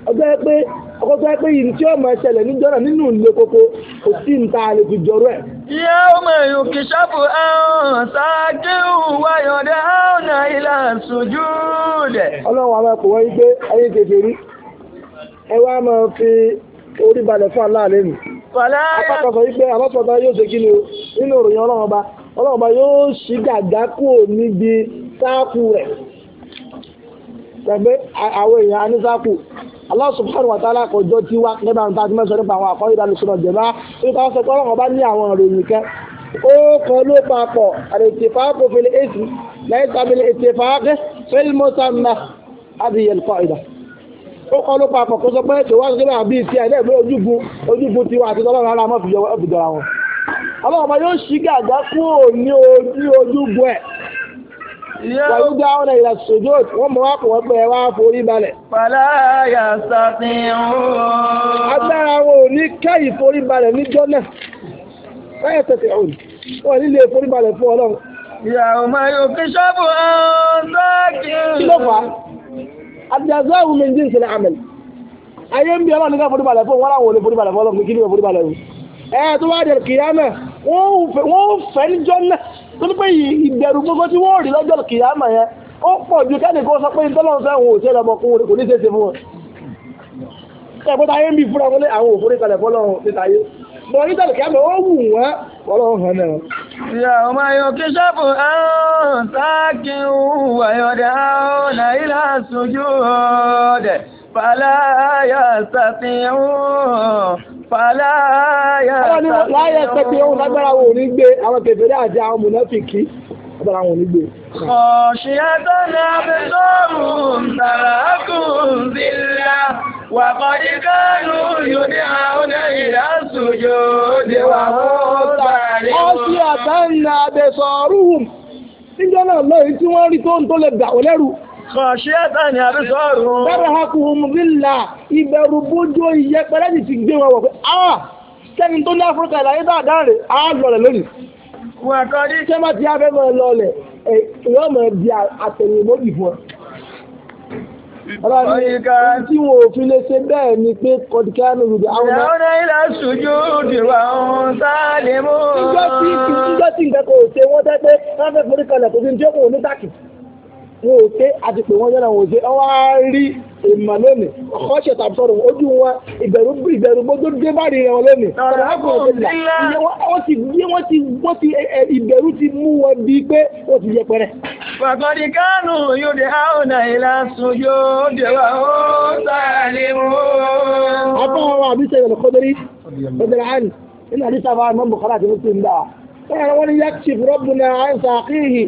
B: ọjọ́ ẹ pé ọkọ̀tọ̀ pé yìí tí ọmọ ẹ̀ṣẹ̀lẹ̀ níjọ́ nínú ilé koko kò sí nta lè fi jọrọ ẹ̀. yẹ ọmọ èyí kì í ṣàpò ẹ̀hún ṣáájú wáyọ̀dẹ ọ̀nà ìlà ọlọ́run àwọn wọ́n yí pé ayé rí ẹ wá máa fi orí balẹ̀ fún aláàlẹ́ pẹ̀lú àwọn èèyàn anisaku Allah subhanahu wa ta'ala kò jọ tí wá nígbà tá a ti mẹ́sàn nípa àwọn àkọ́rí ìdáni sọ̀rọ̀ jẹ̀má nípa ọ̀sẹ̀ pé ọlọ́run bá ní àwọn ìròyìn kan ó kan ló papọ̀ al-ittifaqu fil ism laysa bil ittifaqi fil musamma hadhihi al-qa'ida ó kọ́ ló papọ̀ kó sọ pé tòwá sọ pé àbí ìsí àìlẹ́ ìgbé ojúbu tiwa àti tọ́lọ́run ara mọ́ fi jọra wọn. ọlọ́run ọba yóò ṣí gàgá kúrò
D: wàyúdá
B: ọ̀nà ìlà sòjó wọ́n mọ̀ wá pọ̀ wọ́n pé ẹ wá forí balẹ̀. Fàlà yà sàfihàn. Agbára wọn ò ní ká ìforí balẹ̀ níjọ́ náà. Báyọ̀ tẹ̀sẹ̀ ọ̀hún. Wọ́n nílé ìforí balẹ̀ fún ọlọ́run. Ìyàwó máa yóò fi ṣọ́ọ̀bù ọ̀hún sọ́ọ̀kì. Kí ló fà á? Àdìyàzọ́ ìwú mi ń dín ìṣẹ̀lẹ̀ àmì. Ayé ń bí ọlọ́run nígbà forí balẹ̀ fún wọn láwọn olè forí balẹ̀ fún ọlọ́run kí ni wọ́n forí balẹ̀ fún. Ẹ tó wá dẹ̀ kìyàmẹ̀ wọ́n fẹ́ níjọ́ tó ní pé ìbẹ̀rù gbogbo tí wọ́n rí lọ́jọ́ kìyàmà yẹn ó pọ̀ ju kẹ́ni kó sọ pé ìtọ́lọ́sẹ̀ òun ò ṣe lọ́mọ kò ní ṣe ṣe fún wọn ayé ń bí wọlé àwọn òfúrí kalẹ̀ fọ́lọ́run níta ayé bọ̀ ní tàbí kẹ́mẹ̀ ó wù wọ́n fọ́lọ́run hàn náà. ìyá ọmọ ayọ̀
A: kí fàlà yà sàfihàn fàlà
B: yà sàfihàn. láyé sàfihàn lágbára wo ní gbé àwọn kẹfẹ́rẹ́ àti àwọn mùnáfìkì lágbára wọn ní gbé. ọ̀ṣìyàtọ̀ ni a fi sọ́ọ̀rùn tàràkùn sílá وقد كانوا يدعون إلى
A: السجود وهم صالحون خاشعة
B: أبصارهم níjọ́ náà lọ́yìn tí wọ́n rí tó ń tó lè Kọ̀ṣíẹ́ta ni àbísọ̀rùn. Bẹ́ẹ̀ hakùn bílà ah sẹ́ni tó ní Áfíríkà ìlàyé dáadáa rè á lọlẹ̀ lónìí. Wọ́n àkọ́dí. Ṣé má ti afẹ́ mọ́ ẹ lọlẹ̀ mọ̀ di àtẹ̀yìn mọ́bì fún ní tí wọn ò fi lè ṣe bẹ́ẹ̀ ni pé kọ̀díkánù wọn ò ṣe àtìpé wọn yẹn wọn ò ṣe ọwọ́ á rí ìmọ̀ lónìí ọkọ̀ ṣe tàbí sọ̀rọ̀ ojú wọn ìbẹ̀rù bí ìbẹ̀rù bójú dé bá rí wọn lónìí. ọ̀rọ̀ kò sí la wọ́n ti wọ́n ti wọ́n ti ìbẹ̀rù ti mú wọn bí pé wọ́n ti yẹ pẹ́rẹ́. pàtàkì kánú yóò dé àwọn àìlà sùn yóò dé wà ó sàlẹ̀ mọ́. àbọ̀ àwọn àbíṣe ìrọ̀lẹ́ kọ́dẹ́rì kọ́dẹ́rì àná nínú àdìsáfà mọ́ bùkárà àti mùsùlùmí dáa. wọ́n yà wọ́n yà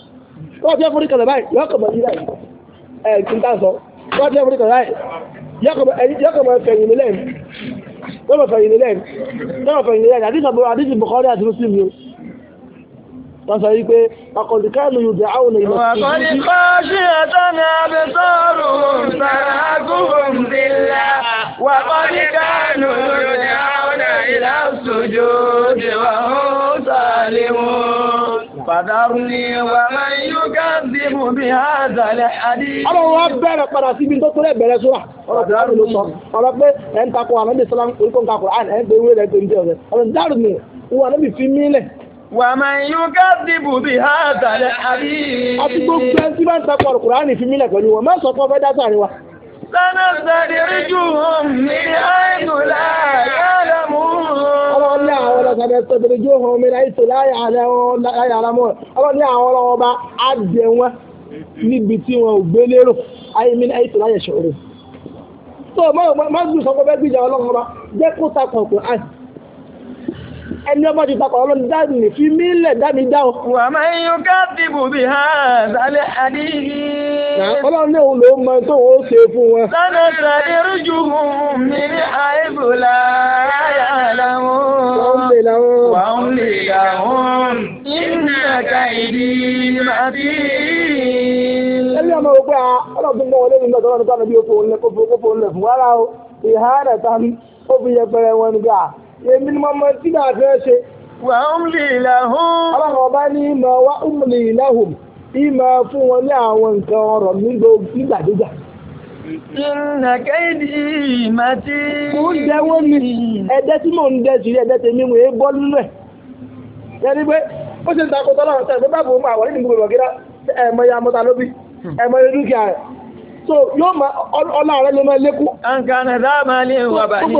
B: wọ́n ti ẹ̀fọ́rí kẹlẹ̀ báyìí yọ̀ọ́ kọ̀mọ̀ yìí báyìí ẹ̀ kí n tà sọ wọ́n ti ẹ̀fọ́rí kẹlẹ̀ báyìí yọ̀ọ́ kọ̀mọ̀ fẹ̀yìn nílẹ̀ yọ̀ọ́ kọ̀mọ̀ fẹ̀yìn nílẹ̀ yọ̀ọ́ kọ̀mọ̀ fẹ̀yìn nílẹ̀ àdìsí Bukhari àti Muslim yìí wọ́n sọ wípé akọ̀dùká ló yóò dé àwọn ilẹ̀ sí i. ọ̀kọ̀dì kọ́ sí ẹ̀tọ́ ni abẹ sọ́ọ̀rù sàràgùn sílá wàkọ̀dì ká ló yóò dé àwọn ilẹ̀
A: sójú ìwà ó sàlẹ̀ wọn.
B: ومن يكذب بهذا الحديث
D: àti gbogbo ẹni
B: tí bá ń takò Al-Kùránì fi mílẹ̀ pẹ̀lú wọn má sọ pé ó fẹ́ dá sáàrin wa. سنستدرجهم من حيث لا يعلمون ọlọ́run ní àwọn ọlọ́sàdẹ sọ̀tẹ̀lẹ́jọ́ ọ̀hún mi láì tó láyà àlámọ́ ọlọ́run ní àwọn ọlọ́wọ́ bá á jẹ wọn níbi tí wọn ò gbé lérò ayé mi láì tó láyà ṣòro. tó o má gbé sọ́kọ́ bẹ́ẹ̀ gbìjà ọlọ́run ọba jẹ́ kó ta kọ̀ọ̀kan àìsàn ẹni ọba ti takọ̀ ọlọ́run dáàbì ní fi mí lẹ̀ dáàbì dáhùn. wà á máa ń yọ káàdì bùbí ha sálẹ̀ àdìyí. ọlọ́run náà ló mọ tó ń ṣe fún wọn. sọ́nà sàdé rújú mi ní àìbùlà ayà làwọn. wà ń lè làwọn. wà ń lè làwọn. iná káyìdì máa bí. ẹni ọmọ òkú à ah, ọlọ́run tó ń bọ̀ wọlé nígbà tó lọ́nà tó àná bí ó fòun lẹ̀ fún wàrà o ìhà rẹ̀ tán ó fi yẹpẹrẹ wọn gbà. èmi ni mo mọ tí màá fẹ́ ṣe. wà á ń lè ọba ní ìmọ̀ wá ń lè làhùn ìmọ̀ fún wọn ní àwọn nǹkan ọ̀rọ̀ nígbàdégbà. Ìnà kéèdì màtí. Mò ń jẹ mi. Ẹ̀dẹ́ tí mò ń jẹ sí ẹ̀dẹ́ tèmi bọ́ nínú ẹ̀. pé ó ṣe ń takò tọ́lá ọ̀sẹ̀ pé ya So yóò máa ló máa lékún. Àǹkà náà Ó kò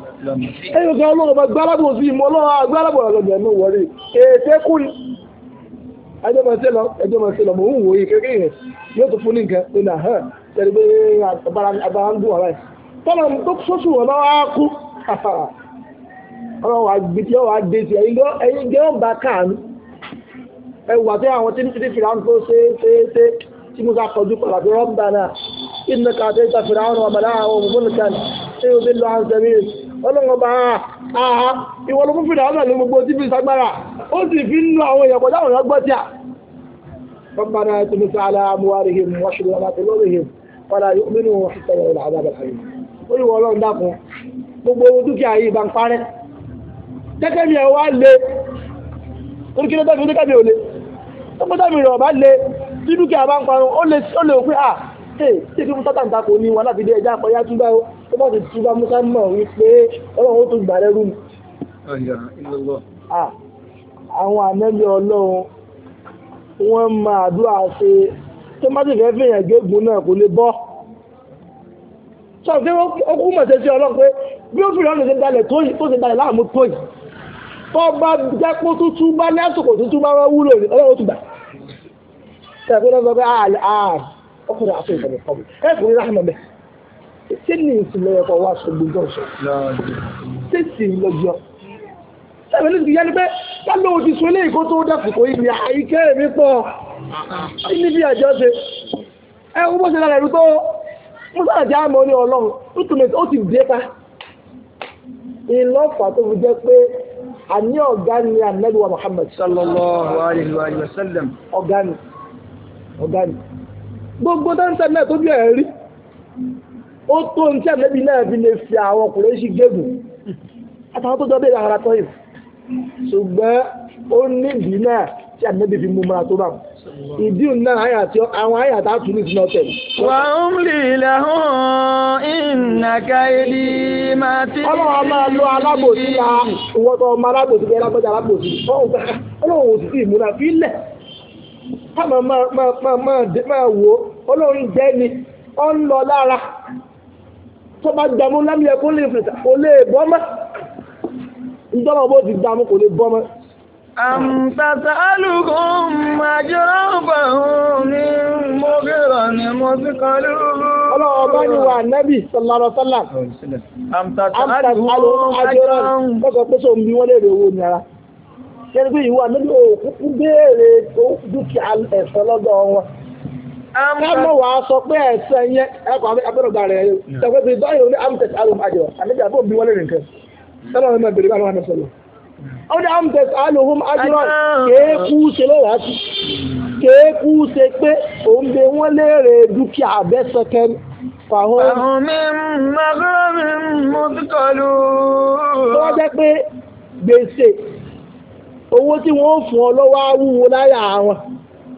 C: ẹ̀yọ̀
B: kan ọlọ́run bá gbálábò sí ìmọ̀ ọlọ́run agbálábò ọ̀gọ̀dọ̀ ẹ̀mí wọlé ètè kú ni ẹjọ́ máa ṣe lọ ẹjọ́ máa ṣe lọ mò ń wò yìí kékeré rẹ̀ yóò tó fún ní nǹkan pé nà hàn tẹ̀lé pé abara ń dùn ọ̀rá ẹ̀ tọ́lọ̀ tó sọ́sù wọn bá wá kú kàfàrà ọlọ́run wà gbé tí wọ́n wà dé tí ẹ̀yin gẹ́ ọ̀bà káàánú ẹ wà tí àwọn tí ní fìlà ń tó ṣe ṣe ṣe tí mo sá kọjú padà tó rọ́ǹbà náà ìnìkan àti ìtàfìlà àwọn ọmọ náà àwọn òmùmú nìkan ṣé o bí lọ à ń sẹ́mi ọlọ́ngọba àhá ìwọ ló fún fìdá ọ̀nà ní gbogbo tí fi sagbára ó sì fi ń nu àwọn èèyàn kọjá àwọn èèyàn gbọ́ tí a. ربنا اتمس على اموالهم واشهد على قلوبهم ولا يؤمنوا حتى يروا العذاب الحريم ó yìí wọ ọlọ́run dákun gbogbo owó dúkìá yìí bá ń parẹ́ tẹ́tẹ́ mi ẹ̀ wá lé torí kí ló tẹ́ fi dúkìá mi ò lé tọ́pọ̀ tẹ́mi rẹ̀ ọ̀bá lé tí dúkìá bá ń parun ó lè ó lè à ṣe é kí mo sátà ń takò ní wọn láti dé ẹja àpọ̀ yá tó bá ti tú bá Musa mọ̀ wípé ọlọ́run ó tún gbà lẹ́rú mi. àwọn ànábì ọlọ́run wọ́n máa dúrà ṣe tó má ti fẹ́ẹ́ fìyàn gégùn náà kò lè bọ́. sọ pé ó kú mọ̀ sẹ́sẹ́ ọlọ́run pé bí ó fi rán lóṣèlú dalẹ̀ tó yìí tó ṣe dalẹ̀ láàmú tó yìí tó bá jẹ́ pé tútú bá ní àsìkò tútú bá wọ́n wúlò ní ọlọ́run ó gbà. sọ pé lọ́sọ̀ pé àà ọkùnrin àfẹ́ ìfọ̀mù ẹ̀kùnrin láhàmọ́ bẹ́ẹ̀ ṣé ní ìsìnlẹ̀ ẹ̀kọ́ wa ṣògbójọ́ ṣe ṣé sì ń lọ́jọ́ ṣẹ́mi ní ti yá ni pé kálọ̀ òtí sun eléyìí kó tó dàsìkò ibi àìkẹ́ mi pọ̀ níbi àjọ ṣe ẹ wọ́n ṣe lára ẹ̀rú tó mọ́sálà jẹ́ àmọ́ ní ọlọ́run ó tún ó ti dé pa ìlọ́fà tó fi jẹ́ pé àní ọ̀gá ni Ànábì wa Muhammad sallallahu alayhi wa sallam ọ̀gá ni ọ̀gá ni gbogbo dáńtà náà tó bí ẹ̀rí ó tó ní tí ànábì náà fi lè fi àwọn ọkùnrin sí gégùn àtàwọn tó dọ́bẹ̀ ìyára tó yìí ṣùgbọ́n ó ní ìdí náà tí ànábì fi mú mọ́ra tó bá wọn ìdí náà àyà tí àwọn àyà tá a tún ní ìdíná tẹ̀lé. wà á ń lè lẹ́hùn ìnàkà èdè máa ti. ọlọ́run máa lo alábòsí la ìwọ́n ọmọ alábòsí bẹ́ẹ̀ lágbọ́jà alábòsí ọlọ́run ò sì máa máa ọlọ́run jẹ́ ni ó ń lọ lára tó bá gbàmú lámìyẹ kó lè fèsì kò lè bọ́ mọ́ ìjọba bó ti gbàmú kò lè bọ́ mọ́. àmùtàtà alùpùpù màjọrọ bàrún ní mọ́gìrọ̀ ní mọ́síkọ́lù. ọlọ́wọ́ bá ní wa nẹ́bì sọlọ́rọ̀ sọ́là. àmùtàtà alùpùpù màjọrọ̀ kọ́kọ́ pé sóun bí wọ́n lè rè owó ní ara ṣé ní pé ìwà nẹ́bì òkú béèrè dúkìá ẹ̀sán lọ́dọ̀ wọn kámọ̀ wàá sọ pé ẹ̀sẹ̀ yẹn ẹ̀kọ́ abẹ́rẹ́ gba rẹ̀ yẹn sọ pé báyìí ní amtẹ̀sí alùm àjọ àmì àbọ̀ mi wọlé nìkan sọ́nà ọ̀nà bèrè bá wọn sọ̀rọ̀ ó ní amtẹ̀sí alùm àjọ kéékù ṣe ló wàá sí kéékù ṣe pé òun bẹ wọn léèrè dúkìá abẹ́sọ̀kẹ́ fàhún. àwọn mi máa mi mú kíkọlù. tó wá jẹ́ pé gbèsè owó tí wọ́n fún ọ lọ́wọ́ á wúwo láyà àwọn.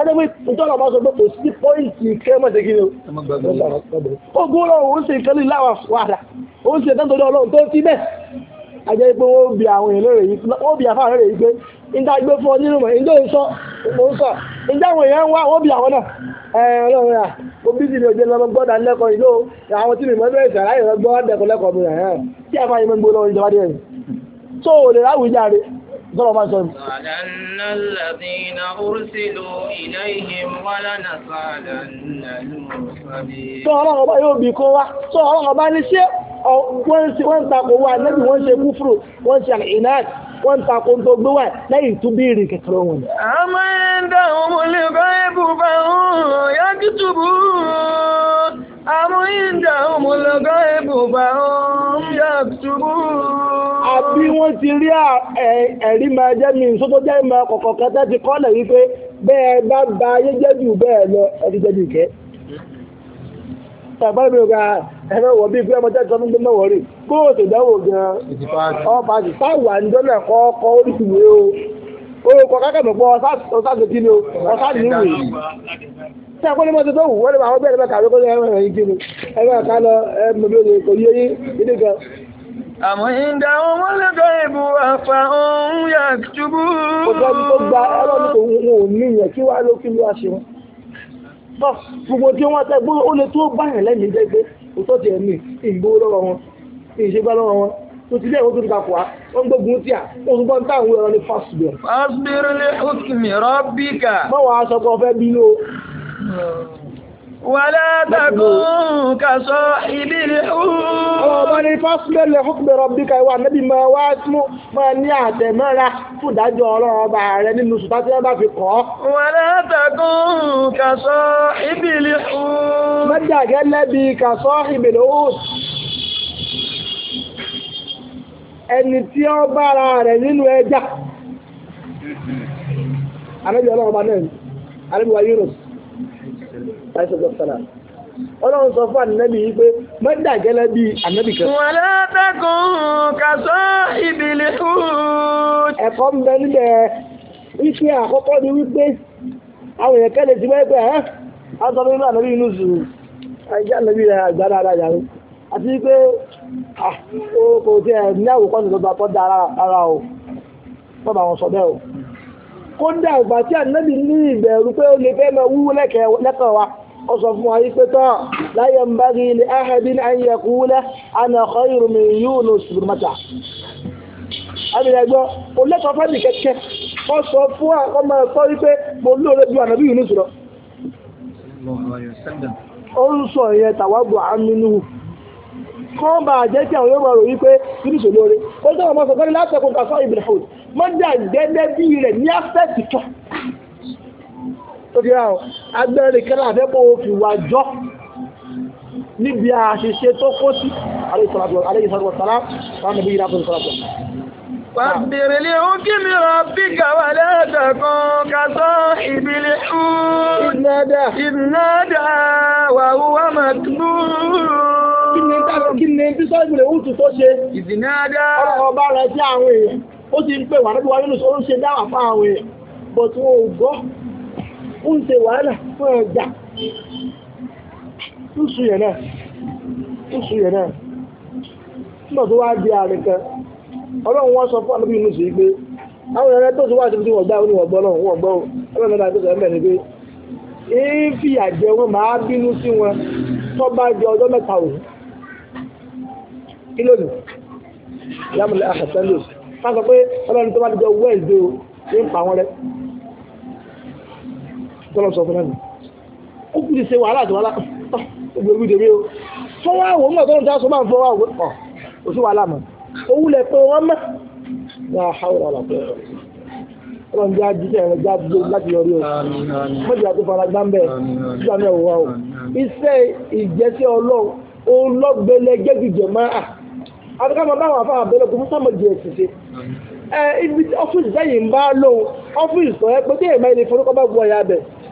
B: adébí ìtọ́nà bá sọ pé kò sí pọ́ìntì kẹ́mọ̀tẹ́ kí ni o. ogun ọlọ́run ó ń ń ọlọ́run tó bẹ́ẹ̀. ajẹ́ pé àwọn èèyàn bi àfáà yìí pé gbé fún ọ nínú mọ̀ níta ò ń sọ àwọn èèyàn ń wá bi àwọn náà. ẹ ọlọ́run ti lẹ́kọ̀ọ́ ìlú àwọn tí mi mọ́ bẹ́ẹ̀ lẹ́kọ̀ọ́ rẹ̀ tí mọ́ Sọ́rọ̀ bá sọ.
A: Àdánná làdínà òrùsìlò ìlẹ́yìn wálá nà sàdánná
C: lùmọ̀sọ́bí.
A: Sọ
B: ọlọ́run ọba yóò bí kó wá. Sọ ọlọ́run ọba ní ṣé wọ́n ń takò wá, nẹ́bí wọ́n ń ṣe kúfùrù, wọ́n ń ṣe àìnáàtì wọ́n ń ta kó tó gbé wà lẹ́yìn tún béèrè kẹkẹrẹ wọn. àmọ́ ẹ̀ ń dá àwọn ọmọ ilé ọkọ ẹ̀bù bá wọn yá kìtùbù. àmọ́ ẹ̀ ń dá àwọn ọmọ ilé ọkọ ẹ̀bù bá wọn yá kìtùbù. àbí wọ́n ti rí ẹ̀rí máa jẹ́ mi sótó jẹ́ ìmọ̀ kọ̀ọ̀kan kẹta ti kọ́ lẹ̀ wípé bẹ́ẹ̀ bá ba ayé jẹ́jù bẹ́ẹ̀ lọ ẹ̀rí jẹ́jù kẹ́ tàbí ẹ̀rọ wọ̀ bíi pé ọmọ tẹ́tí ọmọ gbọ́dọ̀ wọ̀rí kóòtù ìdánwò gan-an ọba àti táwà níjọ́ náà kọ́ ọkọ̀ oríṣiríṣi o orúkọ kákẹ́mọ̀ pọ̀ ọ̀sáàtò kí ni o ọ̀sáàtò ní ìwé tí a kọ́ ní mọ́tò tó wù wọ́n àwọn bẹ́ẹ̀ lọ́kà àríkọ́ ní ẹ̀rọ ẹ̀yìn kí ni ẹ̀rọ ẹ̀ka lọ ẹ̀mọ̀ mi ò lè kò yé yín nílé gan. àmọ́ ìdá wọn lè dọ̀ ìbò òun yà jùbú. ọjọ́ bọ́ gbogbo tí wọ́n tẹ́ gbogbo ó lè tó báyàn lẹ́yìn jẹ́gbé òtọ́ ti ẹ̀mí ìgbówó lọ́wọ́ wọn ìṣègbà lọ́wọ́ wọn tó ti lẹ́yìn òtútù kakùá wọ́n ń gbógun tí à ó ń gbọ́n táwọn ẹran ní fásibẹ̀. fásibẹ̀ lè hùkìmì rọ́bìkà. mọ́wàá aṣọ kan fẹ́ bínú o wàlá takùn kàṣọ ìbílẹ̀ ọmọ ní fọ́sílẹ̀lẹ̀ fúnpẹ̀ rọ̀bíkà ìwà nẹ́bí ma wá mú ma ní àtẹ̀mọ́ra fún ìdájọ́ ọlọ́run ọba rẹ nínú sùtá tí wọ́n bá fi kọ́. wàlá takùn kàṣọ ìbílẹ̀ ọ̀hún. mẹ́jà gẹ́lẹ́ bí kàṣọ ìbílẹ̀ ọ̀hún. ẹni tí ó bára rẹ̀ nínú ẹja. àrẹ́bí ọlọ́run ọba náà àrẹ́bí wa yúròsì àìsàn sọ̀rọ̀ ọlọ́run sọ fún ànábì yìí pé mẹ́ta gẹ́lẹ́ bí ànábì kan. wọ́n lọ tẹ́kùn kàṣọ ìbílẹ̀ fúd. ẹ̀kọ́ ń bẹ níbẹ̀ wípé àkọ́kọ́ ni wípé àwọn èèyàn kẹ́lẹ̀ ti mẹ́gbẹ́ ẹ́ á sọ nínú ànábì inú sùúrù ẹjẹ́ ànábì rẹ̀ àgbà dáadáa yàrá àti wípé kò tí ẹ̀ ní àwòkọ́ ní lọ́ba tó da ara o tó bá wọn sọ bẹ́ẹ̀ o kódà ìgbà tí ànábì ní ìbẹ̀rù pé ó lè ó sọ fún wa yí pé tán láyé ń bá gílé ahadin an yaqula ana khayru min Yunus bin Matta abìlẹ̀gbọ́ kò lẹ́tọ̀ọ́ fẹ́mi kẹ́kẹ́ wọ́n sọ fún ọmọ ẹ̀kọ́ yí pé mo lóore ju ànábì Yunus lọ. ó ń sọ ìyẹn tàwágbọ̀ àmínú kọ́ bá jẹ́ kí àwọn yóò máa rò ó ti rà ọ́ agbẹ́rẹ́ kẹ́lá àfẹ́pọ̀ òfin wà jọ́ níbi àṣìṣe tó kó sí alayhi salatu wa salam wa nabi yìí rábọ̀ sọ́lá Fàbìrì lè ó kí mi rọ bí ti ń pè wà níbi wà nínú ó ń ṣe dáwà fún èèyàn, bọ̀ tí wọ́n ò gbọ́ ó ń ṣe wàhálà fún ẹ̀jà túṣù yẹn náà túṣù yẹn náà nígbà tó wá di ààrẹ kan ọlọ́run wọ́n sọ fún àlọ́bí inú sí pé àwọn ẹ̀rẹ́ tó ti àti tí gbá wọn gbọ́ náà wọ́n gbọ́ ọlọ́run náà tó sọ ẹ̀ mẹ́rin pé èéfì àjẹ wọn máa bínú sí wọn tó bá jẹ ọjọ́ mẹ́ta òun kí lónìí
C: yàmùlẹ̀ àkàtà lò
B: ká ọlọ́run tó bá jẹ wẹ́ẹ̀dẹ́ o ń pa wọn rẹ̀ tọ́lọ̀ sọ fún ẹ̀mí ó kù ti ah, o fún wa wò ó mọ̀ tọ́lọ̀ jáde sọ bá ń fọwọ́ àwọn ọ̀ ah, kò sí wàhálà mọ̀ owó lẹ pé wọ́n mọ̀ ní àhàwọ̀ àlàpẹ́ ọlọ́run jẹ́ àjíṣẹ́ ẹ̀rọ jẹ́ àdúgbò láti yọrí o mọ̀jì àti faragbá ń bẹ̀ sí àmì ẹ̀wọ̀ wa o iṣẹ́ ìjẹsẹ́ ọlọ́run olọ́gbẹ̀lẹ́gẹ́ gbìjẹ̀ máa àbíká máa bá wọn àfa àbẹ̀lẹ̀ kò fún sàmọ̀jì ẹ̀sìn ṣe ibi ọ́fíìsì sẹ́yìn ń bá lóun ọ́fíìsì sọ ẹ pé tí èèmọ̀ ilé ìforúkọ bá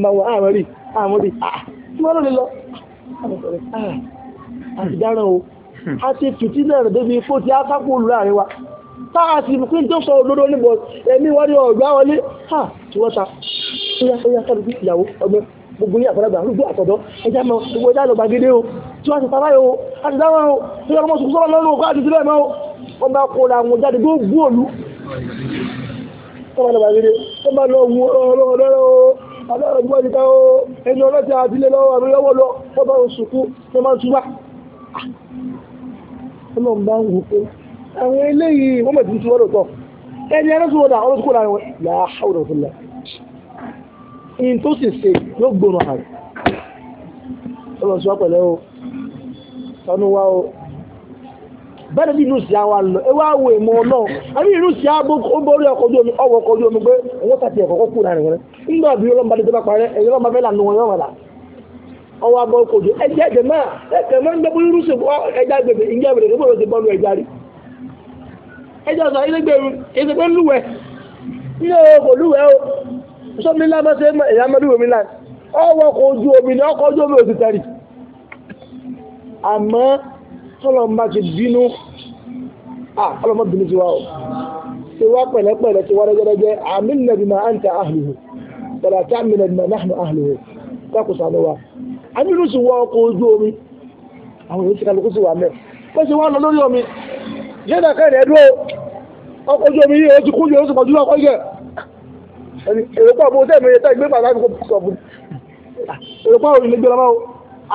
B: máa wọ àmọ́ ah, rí àmọ́ ah, rí ah, tí wọ́n lò lè lọ àti dáràn o àti fìtínà rẹ̀ débi fó ti átákù láàrin wa táà sì pé tó sọ òdodo níbo èmi wọ́n ní ọ̀gbá wọlé ha tí wọ́n ta ẹ̀yà ẹ̀yà lọ o tí wọ́n ti pa báyìí o àti dáwọn o tí wọ́n mọ̀ sùkúsọ́ lọ́nà òkú àti sílẹ̀ mọ́ o wọ́n bá kó ra àwọn jáde gbogbo òlu tọ́ba lọ gbàgede ọlọ́run gbọ́ nìkan ó ẹni ọlọ́tí àbílẹ̀ lọ́wọ́ àbí lọ́wọ́ lọ wọ́n bá oṣù kú tó máa ń túbà. ọlọ́run bá ń wò pé àwọn eléyìí wọ́n mọ̀ tí ń túbọ̀ lọ́tọ̀ ẹni ẹni tó wọ́dà ọlọ́tí kò láàrin wọn làá hàwùrọ̀ fúnlẹ̀. ìyìn tó o sanu bẹ́ẹ̀ bí rúùsì àwa lọ ẹ wá wo ìmọ̀ ọlọ́run àbí rúùsì àbò borí ọkọ̀ ojú omi ọwọ́ ọkọ̀ ojú omi pé owó tàbí ẹ̀kọ́ kó kúrò rẹ̀ nígbà bí ọlọ́run dé bá parẹ́ fẹ́ lànà wọn yọ̀wọ̀lá ọwọ́ ọkọ̀ ojú ẹ̀jẹ̀ máa máa ń gbé bóyú tọ́lọ̀ ń bá ti bínú ọlọ́mọ bínú ti wá o ti wá pẹ̀lẹ́pẹ̀lẹ́ ti wá dẹ́gẹ́dẹ́gẹ́ àmì nàbì máa ń ta àhùlùhù tọ́lá tá àmì nàbì máa náà àhùlùhù dákò sànú wa amínú sì wọ ọkọ̀ ojú omi àwọn èyí ti kálukú sì wà mẹ́ ó sì wá lọ lórí omi yẹ́nà kẹ́rẹ̀ ẹ̀dúró ọkọ̀ ojú omi yìí ó ti kú yìí ó sì kọjú ọkọ̀ yẹ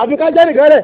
B: nìkan rẹ̀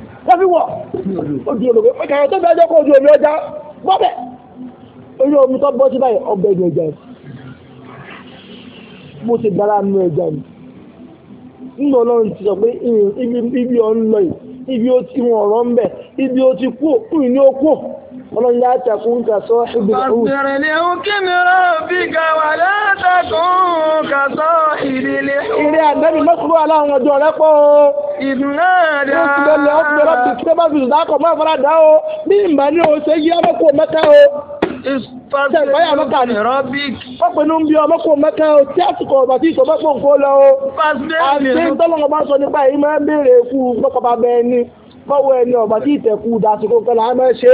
B: wọ́n fi wọ̀ ojú omi ọjà yẹn tó fi ẹjọ́ kó ojú omi ọjà bọ́bẹ̀ ojú omi tó bọ́ sí báyìí ọbẹ̀ ní ẹja mo ti dára nu ẹja mi nínú ọlọ́run ti sọ pé ibi ọ̀ ń lọ yìí ibi ó ti wọn ọ̀rọ̀ ń bẹ̀ ibi ó ti kú òkú ìní ó kú òkú ọlọ́run yá takùn ka sọ ibi ọ̀hún. ọ̀sẹ̀rẹ̀ ni ní ń bí ọmọkú mẹ́ta o tí àsìkò ọ̀bà tí ìṣọ̀bọ̀ pọ̀ nǹkan lọ o. Àti tọ́lọ́mọ bá sọ nípa èyí máa ń béèrè ikú bá bẹ ẹni. Bọ́wọ́ ẹni ọ̀bà tí ìtẹ̀kù dàsìkò kan là ṣe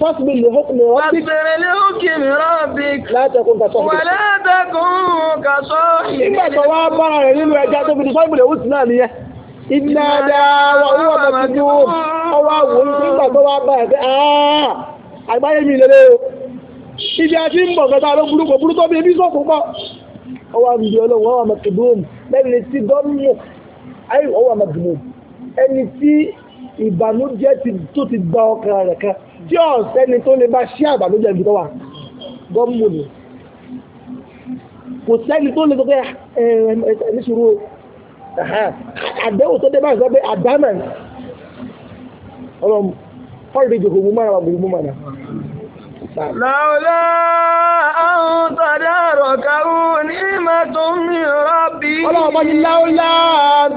B: فاصبر لحكم ربك فاصبر لحكم ربك لا تكن كصاحب ولا تكن كصاحب nígbà tó wá bára rẹ̀ nínú ẹja tó fi di sọ́ọ̀bù lẹ́wọ́ sí náà nìyẹn iná dáwà owó ọmọ ti dúró ọwọ́ àwòrán nígbà tó wá bára rẹ̀ àgbáyé mi lélẹ́ o ibi àti ń bọ̀ kẹta ló burúkú burúkú bí ebi sọ̀kún pọ̀ ọwọ́ àmì ọlọ́wọ́ ọmọ ti dúró lẹ́ni tí dọ́nù ayé ọwọ́ ọmọ ti dúró ẹni tí ìbànújẹ́ tó ti gba ọkàn rẹ̀ kan tí ọ̀sẹ́ni tó lè bá ṣí àgbàdo jẹ́ ibi tó wà gọ́ọ̀mù ni kò sẹ́ni tó lè sọ pé eh, ẹni ṣòro tó dé báyìí sọ pé àdámà ọ̀rọ̀ fọ́ọ̀rọ̀ ìdíje mú mọ́ra gbogbo mọ́ra. Láwùlá àwọn tàdá rọ̀kàwù ní mẹ́tò mi rọ́bì. ní láwùlá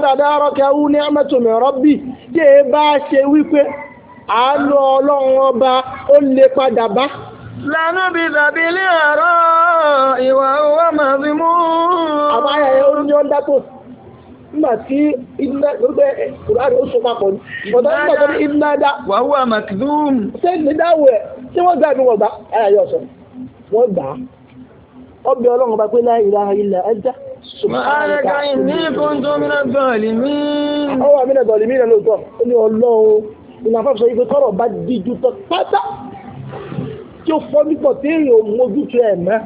B: tàdá rọ̀kàwù ní mẹ́tò mi àánú ọlọ́run ọba ó lè padà bá. lánà bíi tàbí ilé ẹ̀rọ ìwà owó màá fi mú. àmọ́ ayà yẹn ó ní ọ́n dátò nígbà tí iná gbẹ ó so papọ̀ ní. nígbà tó ní iná dá. wà á wà màkìdúm. ṣé nídáwó ẹ̀ tí wọ́n gbà ní wọ́n gbà ayà yóò wọ́n gbà á. ọbẹ̀ ọlọ́run ọba pé la ilaha illa ìlànà sọ ife tọrọ bá díjú tọ pátá tí ó fọ́ nípò tí èèyàn mójútó ẹ̀ mọ́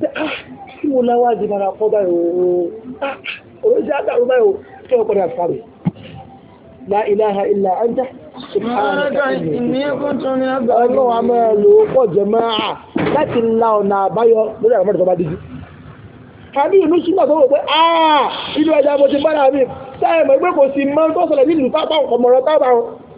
B: pé ah kí mo náwó àjẹmára kọ́ báyìí o ah oríṣi àdàrú báyìí o kí wọ́n padà sáré. La ilaha illa anta subhanaka máa lò ó pọ̀ jẹ máa ah, láti la ọ̀nà àbáyọ lórí àwọn ọmọdé tó bá díjú. Àbí ìlú Ṣígbà tó wò pé ah ìlú ẹja mo ti bára mi. Sáyẹ̀mọ̀ pé kò sí mọ́ tó ṣẹlẹ̀ nílùú pápá ọ̀pọ̀ mọ̀rọ̀ táwọn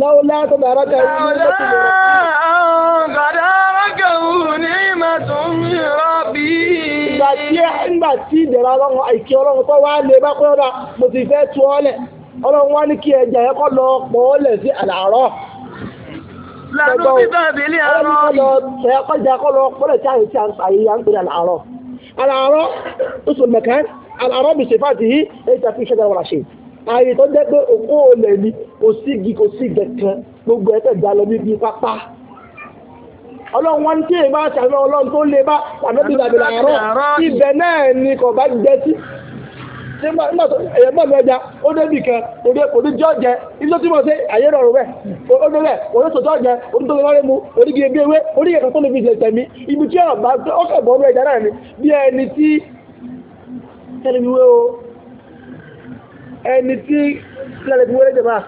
B: láwọlá tó bàrá ka ìlú lọ́wọ́lá bàrá ka ìlú ní ìmọ̀tún rọ́bì. ìgbà tí ìgbà tí ìdẹ̀ra ọlọ́run àìkí ọlọ́run tó wá lè bá pẹ́ ọ̀dà mo sì fẹ́ tu ọ́ lẹ̀ ọlọ́run wá ní kí ẹja yẹn kọ́ lọ pọ̀ ọ́ lẹ̀ sí àlàárọ̀.
C: lànà bíbá ìbílẹ̀ àárọ̀ ọlọ́run
B: kọ́ lọ kọ́ lọ pọ̀ lẹ̀ sí àyè yà ààyè tó jẹ́ pé òkú olè ni kò sí igi kò sí gbogbo ẹ̀ tẹ̀dá lọ níbi pápá ọlọ́run wọn tí èèyàn bá ṣàfihàn ọlọ́run tó lè bá tàbí tàbí làárọ̀ ibẹ̀ náà ni kò bá jẹ sí ẹ̀yẹ̀ mẹ́ja ó débi kan òde kò ní jọ́ jẹ ilé tí mo ṣe àyè rọrùn bẹ́ẹ̀ ó dé bẹ́ẹ̀ òde tó jẹ òde tó lè mu ebi ewé fi mi ibi tí ẹni tí lẹ́lẹ̀ tí wọ́n lẹ́jẹ̀ máa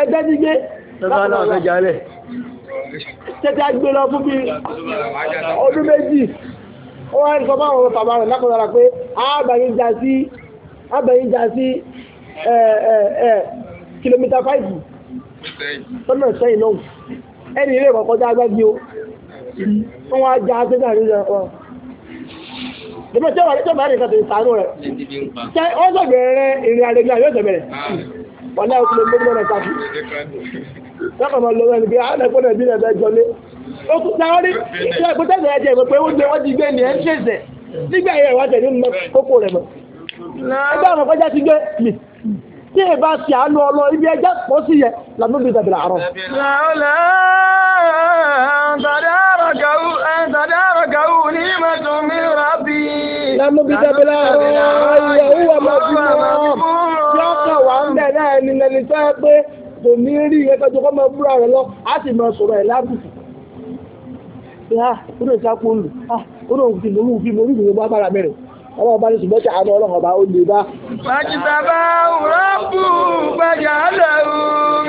B: ẹjẹ́ jígbé tẹ́tẹ́ gbé lọ fún bí ọdún méjì ó wá ń sọ fún àwọn bàbá rẹ̀ lákọ̀ọ́lára pé àbàyí já sí àbàyí já sí kìlómítà fáìfù tọ́nà sẹ́yìn náà ẹni ilé ìkọ̀kọ́ já gbági o wọ́n wá já sí dáadé wọn ìbí tí wọ́n bá rí nǹkan tó ìsànú rẹ̀ ṣe ah. wọ́n sọ bẹ̀rẹ̀ ìrìn àrègbè àyọ̀ sọ bẹ̀rẹ̀ wọn náà kúlẹ̀ lórí mọ́nà sáfì lọ́kàn máa lọ́wọ́ ẹni pé àwọn ẹ̀kọ́ náà bí náà bẹ́ẹ̀ jọlé ó kú táwọn rí ṣe ẹ̀kọ́ tẹ̀sẹ̀ ẹ̀jẹ̀ ìwé oúnjẹ wọn ti gbé ní ẹ̀ńtẹ̀sẹ̀ nígbà yẹn wọ́n tẹ̀lé tí ì bá ti àánú ọlọ ibi ẹjẹ pọ̀ sí yẹ lànà bí ìdàbí làárọ̀. lọ́lẹ̀ ẹ̀ńtàdárọ̀gàwù ní mẹ́tùmí rábì. lànà bí ìdàbí làárọ̀ ìyàwó wà máa bí wọn. yọ̀ọ̀kà wà ń bẹ̀ náà ẹni lẹni tẹ́ pé kò ní rí ìyẹn kẹjọ kọ́ máa búra rẹ̀ lọ á sì máa sọ̀rọ̀ ẹ̀ lábùkù. ṣé ah ó lè sá pọ́ọ̀lù ah ó lè fi lóhùn fi mo rí ìgbìmọ̀ bá bára bẹ̀rẹ̀ ọlọ́run bá ní ṣùgbọ́n tí àánú ọlọ́run ọba ó lè bá.
C: pàṣípà bá rọ́pù gbàjà lẹ́rù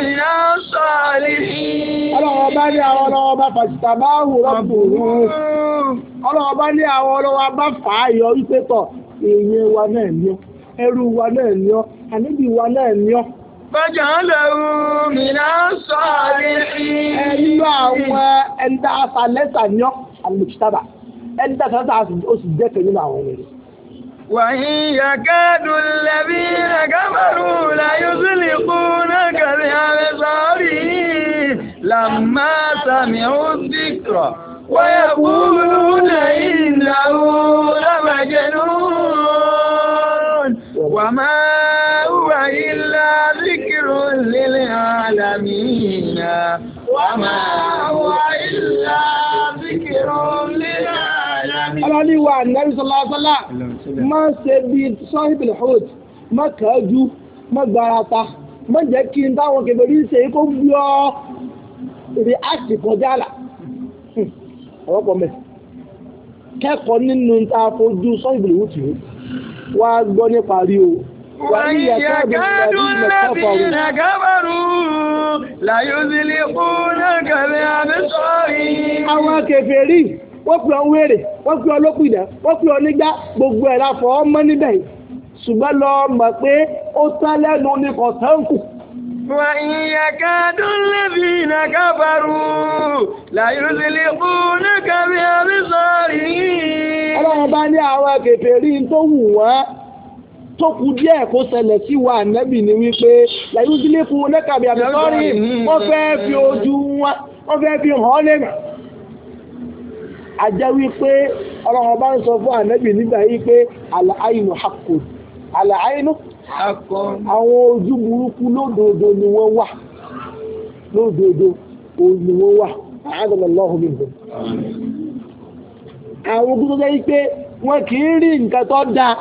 C: ìyá sọ̀rí. ọlọ́run ọba ní
B: àwọn ọlọ́run ọba pàṣípà bá rọ́pù ọlọ́run ọba ní àwọn ọlọ́run ọba fà á yọ wípé tọ̀ èèyàn wa náà ni ọ́ ẹrú wa náà ni ọ́ àníbì wa náà ni ọ́. Bájà lẹ́rù mìíràn sọ̀rí. Ẹni lọ àwọn ẹni tá a fa lẹ́tà ni ọ́ àlùmọ̀títàbà. Ẹni tá a fa lẹ́tà ó sì jẹ́ kẹ́yìn àwọn ọmọ rẹ̀.
A: وإن يكاد الذين كفروا ليزلقونك بأبصارهم لما
B: سمعوا الذكر ويقولون إنه
A: لمجنون
C: وما هو إلا ذكر للعالمين
A: وما هو إلا ذكر للعالمين أنا النبي صلى
B: الله عليه وسلم ما سبيل صاحب الحوت ما كاجو ما غراطا ما جاكي انتا وكي بلين سيكو بيو رياكتي قدالا أوكم كيف قلنا ننتهي فوجو صاحب wá gbọ́ nípa rí o. وإن
C: يكاد
B: الذين كفروا ليزلقونك
C: بأبصارهم àwọn
B: kèfèrí wọ́n pè ọ́ wèrè wọ́n pè ọ́ lópìdá wọ́n pè ọ́ nígbà gbogbo ẹ̀ la fọ́ ọmọ níbẹ̀ yìí ṣùgbọ́n lọ́ọ́ mọ̀ pé ó tán lẹ́nu ní kọ̀ọ̀tàn kù. وإن يكاد الذين كفروا ليزلقونك بأبصارهم ọlọ́run bá ní àwọn kèfèrí tó wù wọ́n tó kù díẹ̀ kó ṣẹlẹ̀ sí wa ni wípé làyúdílé fún wọn lẹ́kàbí àbẹ̀lọ́rì fi ojú wọn wọ́n fẹ́ fi hàn lè mà. fún àwọn ojú burúkú lódodo ni wọ́n wà lódodo ni wọ́n wà àádọ́lọ́lọ́hùn mi bọ̀. àwọn ojú tó jẹ́ wípé wọn kì í rí nǹkan tó dáa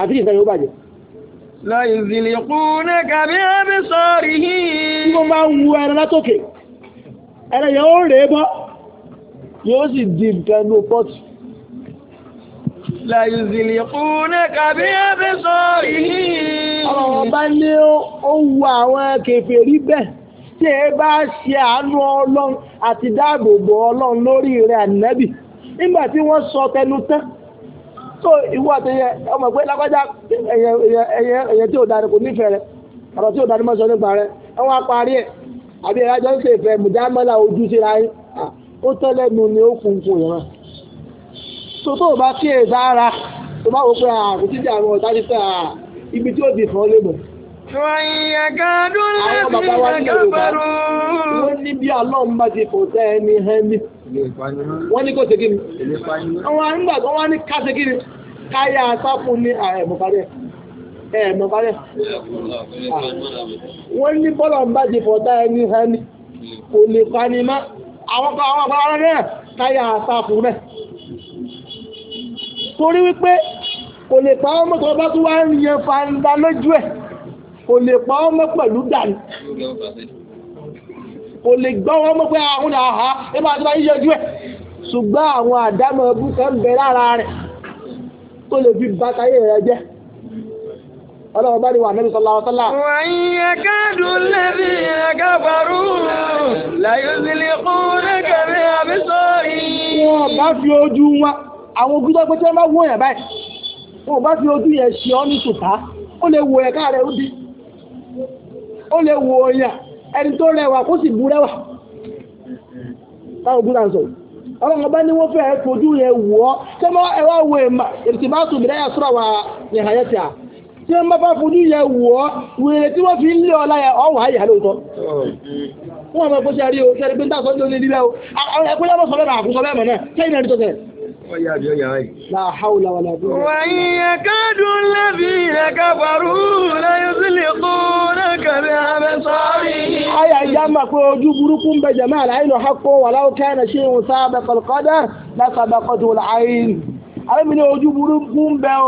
B: àti nǹkan yóò bàjẹ́. lọ ìzìlì kún kàbí ẹbí sọ̀rí yìí. láyé zìlì fún kàbí ẹbí sọ yìí. ọ̀rọ̀ bá ní ó wu àwọn kèfèrí bẹ́ẹ̀ tí ẹ bá ṣe àánú ọlọ́run àti dáàbòbò ọlọ́run lórí rẹ̀ ànábì nígbà tí wọ́n sọ tẹnu tán tó ìwọ àtẹyẹ ọmọ ìpínlẹ̀ lágbájá ẹ̀yẹ tí ò dání kò nífẹ̀ẹ́ rẹ̀ ọ̀rọ̀ tí ò dání mọ́sọ nípa rẹ̀ ẹ̀wọ̀n apárí ẹ̀ àbí ẹ̀rájọ́ ń ṣe ìfẹ́ mùdámọ́lá ojú síra yín ó tọ́lẹ́nu ni ó funfun ìran so tó o bá kí ẹ sára tó bá wò pé àkó títí àwọn ọ̀tá ti fẹ́ ibi tí ó di fún ọ lè mọ̀. àwọn bàbá wa ní yorùbá wọ́n ní bí alọ́ọ̀mù bá ti fò tẹ́ ẹni ẹni wọ́n ní kò ṣe kí ni àwọn àgbà tó wá ní ká ṣe kí ni káyà sáfún ní àìmọ̀kárẹ̀ ẹ̀ẹ̀mọ̀kárẹ̀ wọ́n ní bọ́lọ̀ ń bá ti fọ̀ dá ẹni ẹni kò lè pani mọ́ àwọn kan àwọn àpárá torí wípé kò lè pa ọmọ tó bá tún wá ń yẹ fanda lójú ẹ̀ kò lè pa ọmọ pẹ̀lú dànù kò lè gbọ́ ọmọ pé ah, àwọn
C: àhá ẹ máa tó bá yíyanjú ẹ̀
B: ṣùgbọ́n àwọn àdámọ̀ ẹbú kan bẹ lára rẹ̀ tó lè fi bàtà yé rẹ̀ jẹ́ ọlọ́run bá ní wà nẹ́bí sọlá ọ̀sọ́lá. wàyẹ̀ káàdùn lẹ́bí àgàbàrú làyọ̀ sílẹ̀ kún lẹ́kẹ̀rẹ́ àbísọ̀ yìí. wọ́n bá fi ojú wọn. àwọn ojú tó pé tí wọ́n bá wó yẹn báyìí bá fi ojú yẹn ṣe ọ́ ní tùtà ó lè wo ẹ̀ka rẹ̀ ó ó lè wo ọ̀yàn ẹni tó rẹwà kó sì bu rẹwà táwọn ojú náà sọ ọlọ́run bá ní wọ́n fẹ́ fojú yẹn ma ọ́ ṣé mọ́ ẹ wo ètùtù bá wà ní a fi ń lé ọ láyà wà وَيَكَادُ الَّذِينَ كَفَرُوا لَيُزْلِقُونَكَ بِأَبْصَارِهِمْ Aya jama pé ojú burúkú ń bẹ jama al-ayn haqqun walau kana shay'un sabiqa al-qadar lasabaqathu al-ayn. Àwọn ènìyàn ojú burúkú ń bẹ o.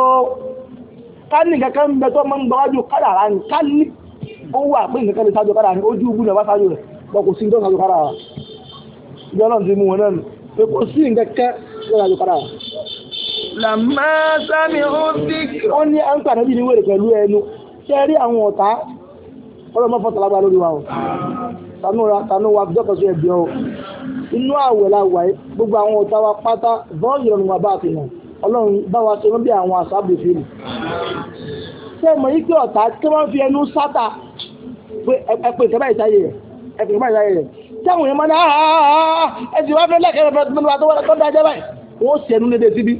B: Ká ní kankan ń bẹ tó máa ń gbọ́dọ̀ kádà rà ní. Ká ní ó wà pé nǹkan lè sáájú kádà ní ojú burúkú náà wá sáájú rẹ̀. Bọ̀ kò sí ní tó sáájú kádà rà. Ìjọ́ náà ti mú wọn náà nù. Pé kò sí nǹkan kẹ́ Làmá sámi ó sí. Wọ́n ní à ń pàdé bí ní wèrè pẹ̀lú ẹnu. Ṣé rí àwọn ọ̀tá? Ọlọ́mọ fọ́tà lágbára lórí wa o. Tànú ra dọ́kọ̀ sí ẹ̀bí ọ. Inú àwẹ̀ la wà yìí. Gbogbo àwọn ọ̀tá wa pátá bọ́ọ̀lù ìrọ̀rùn wa bá àti nà. Ọlọ́run bá wa ṣe wọ́n bí àwọn àṣà bèfèrè. Ṣé mọ̀ yí pé ọ̀tá kí wọ́n fi ẹnu sátà ẹ pé ìkẹ́ báyìí sáyé rẹ̀ ẹ pè ìkẹ́ báyìí sáyé rẹ̀. èèyàn máa ń ẹ ti wá fẹ́ lẹ́kẹ̀ẹ́ wọ́n ṣẹ̀nu lédè síbi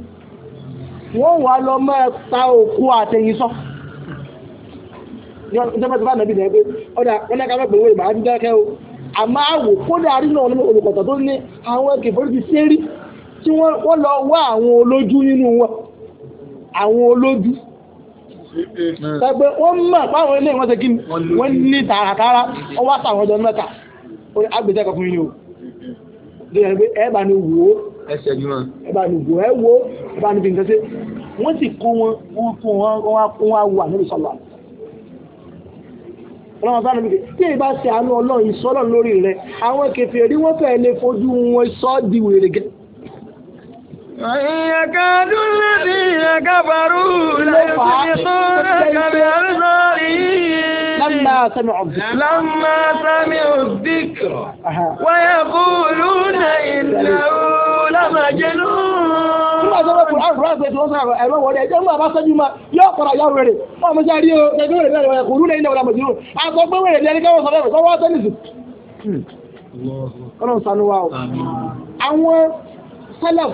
B: wọ́n wà lọ máa ta òkú àtẹ̀yìn sọ. ìjọba ti bá nàbí nà ẹgbẹ́ ọ̀dà wọn náà ká fẹ́ pèwé màá ń dákẹ́ o àmọ́ àwò kódà rí náà olùkọ̀tọ̀ tó ní àwọn kẹfọ́rí ti ṣe rí tí wọ́n lọ wá àwọn olójú nínú wọn àwọn olójú pẹ̀pẹ́ wọ́n mọ̀ páwọn ilé wọn ṣe kí wọ́n ní tààràtàrà wọ́n wá sàwọn ọjọ́ mẹ́ta agbèjẹ́ kan fún yín o ẹ bá ní wò ẹsẹ̀ ni wọn. ẹ bá nìgbò ẹ wo ẹ bá níbi nǹkan ṣe wọ́n sì kó wọn wọ́n fún wọn wọ́n á wà níbi sọ̀lá. ọlọ́run bá níbi tí èyí bá ṣe àánú ọlọ́run ìsọ́lọ́run lórí rẹ̀ àwọn kẹfẹ́ rí wọ́n fẹ́ẹ́ lè fojú wọn sọ́ di wèrè gẹ́gẹ́. وَيَكَادُ الَّذِينَ كَفَرُوا لَيُزْلِقُونَكَ بِأَبْصَارِهِمْ لَمَّا سَمِعُوا الذِّكْرَ لَمَّا سَمِعُوا الذِّكْرَ وَيَقُولُونَ إِنَّهُ لَمَجْنُونٌ nígbà tó lọ́kùnrin àrùn rẹ̀ ṣètò ọ̀sán àrùn ẹ̀rọ wọlé ẹ̀jẹ̀ ńgbà bá sẹ́jú ma yóò padà yọ wèrè ọmọ sí àríyó ẹgbẹ́ wèrè bẹ́ẹ̀ wẹ̀rẹ̀ kùrú lẹ́yìn náà mọ̀jìrò àgbọ̀ pé wèrè lẹ́ni kẹ́wọ́n sọ bẹ́ẹ̀ sọ́wọ́ tẹ́nìsì. ọlọ́run ṣàánú wa o àwọn sẹ́lẹ̀f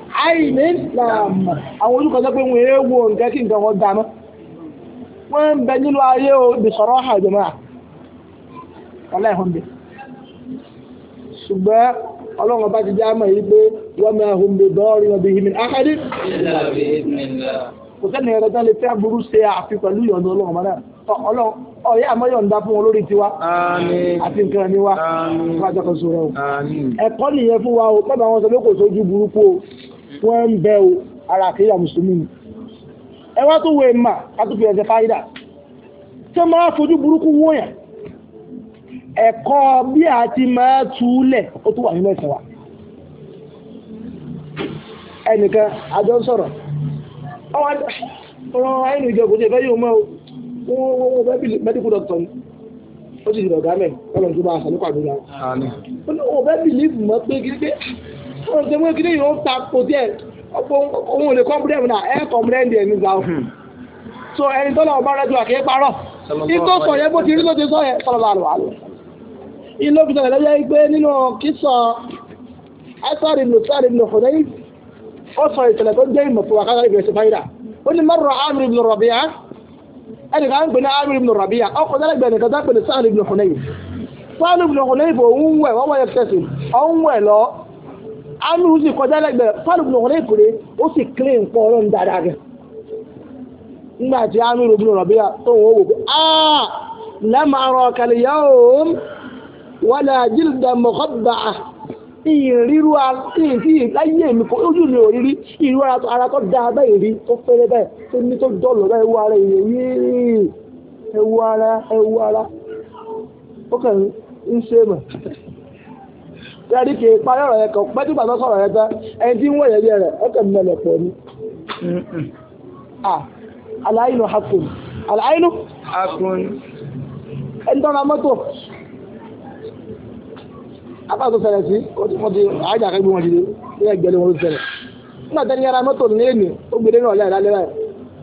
B: àìní làmà àwọn olùkọ́ sọ pé wọ́n yẹ wo nǹkan kí nǹkan wọn dáná wọ́n ń bẹ nínú ayé o bìsọ̀rọ̀ àjọmọ́ à ọlẹ́ ìhùn bẹ ṣùgbọ́n ọlọ́run ọba ti já mọ̀ yìí pé wọ́n máa hùn bẹ dọ́ọ̀rì wọn bí i min akadé kò sẹ́ni ẹ̀rọ tán lè fẹ́ burú ṣe àfi pẹ̀lú ìyọ̀nù ọlọ́run ọba náà ọlọ́run ọ̀yẹ́ àmọ́yọ̀ǹda fún wọn lórí tiwa àti nǹkan ní wa fún àjọkọ̀ṣọ́ rẹ̀ o ẹ̀kọ́ nìyẹn fún wa o bàbá wọn sọ pé kò sójú burúkú o wọ́n ń bẹ́ o ara àkíyà mùsùlùmí ni ẹ wá tó wọ ẹ̀mà látòkè ẹ̀sẹ̀ fáyidà tí máa fojú burúkú wọ̀nyà ẹ̀kọ́ bí a ti máa túlẹ̀ ó tó wà nínú ẹ̀sẹ̀ ẹnìkan àjọ ń sọ̀rọ̀ o wọ́n fẹ́ bí mẹ́díkù dọ́kítọ̀ ó sì jìnnà ọ̀gá mẹ́rin ọlọ́run bá a sàlùkọ́ àdúrà ó ní mọ́ pé kí ọ̀rọ̀ tó mú kí ni yóò ta kò díẹ̀ òun ò lè kọ́mpútẹ́ẹ̀mù náà ẹ̀ kọ́mpútẹ́ẹ̀mù ẹ̀ nígbà ó hmm. so ẹni tó lọ́wọ́ bá rẹ́ ju àkè parọ́
C: ikú sọ yẹ bó ti rí
B: ló ti sọ yẹ sọ̀rọ̀ lálọ́ àlọ́ inú fi sọ̀rọ̀ lẹ́yìn pé nínú kíso asari nù sari nù fúnẹ́ ó sọ ìṣẹ̀lẹ̀ tó jẹ́ ìmọ̀ fún wa kákàrí ìgbésẹ̀ fáyidà ó ní mọ́rọ̀ amir ibn rabi'a ẹni kan gbé ní amir ibn rabi'a ọkọ̀ lẹ́gbẹ̀ ní kàtà anu sì kọjá lẹ́gbẹ̀ẹ́ fálùbùnà wọn lẹkọọrẹ ó sì kílè nǹkan ọ̀rọ̀ ń dáadáa gẹ nígbà tí anu rògbòmù rọbíà tó wọn wò pé aa lẹ́mọ̀ àrọ̀ kàlíyà òun wàlẹ̀ àjílùdà mọ̀kọ́bà ìrírú àti láyé mi kò ojú mi ò rírí ìrú ara tó dáa bẹ́ẹ̀ rí tó fẹ́rẹ́ bẹ́ẹ̀ tó ní tó dọ̀lọ́ bẹ́ẹ̀ ewu ara ìrè yìí ewu ara ewu ara ó kàn ń ṣe mọ̀ rẹ́ẹ̀dí kì í parí ọ̀rọ̀ yẹn kan pẹ́tù bàtọ́ sọ̀rọ̀ yẹn tán ẹni tí ń wọ̀ yẹn rẹ̀ ọkàn mẹ́lẹ̀ pọ̀ ni. Ah, aláìnú hakùn aláìnú. hakùn. ẹni tó mọ́tò apá tó sí wọ́n ti àjà kẹ́gbé wọn dìde ní ẹgbẹ́ ni wọ́n ti ṣẹlẹ̀ nígbà tẹ́ni yàrá mọ́tò ní èmi ó gbé nínú ọ̀lẹ́ ìdálẹ́ rẹ̀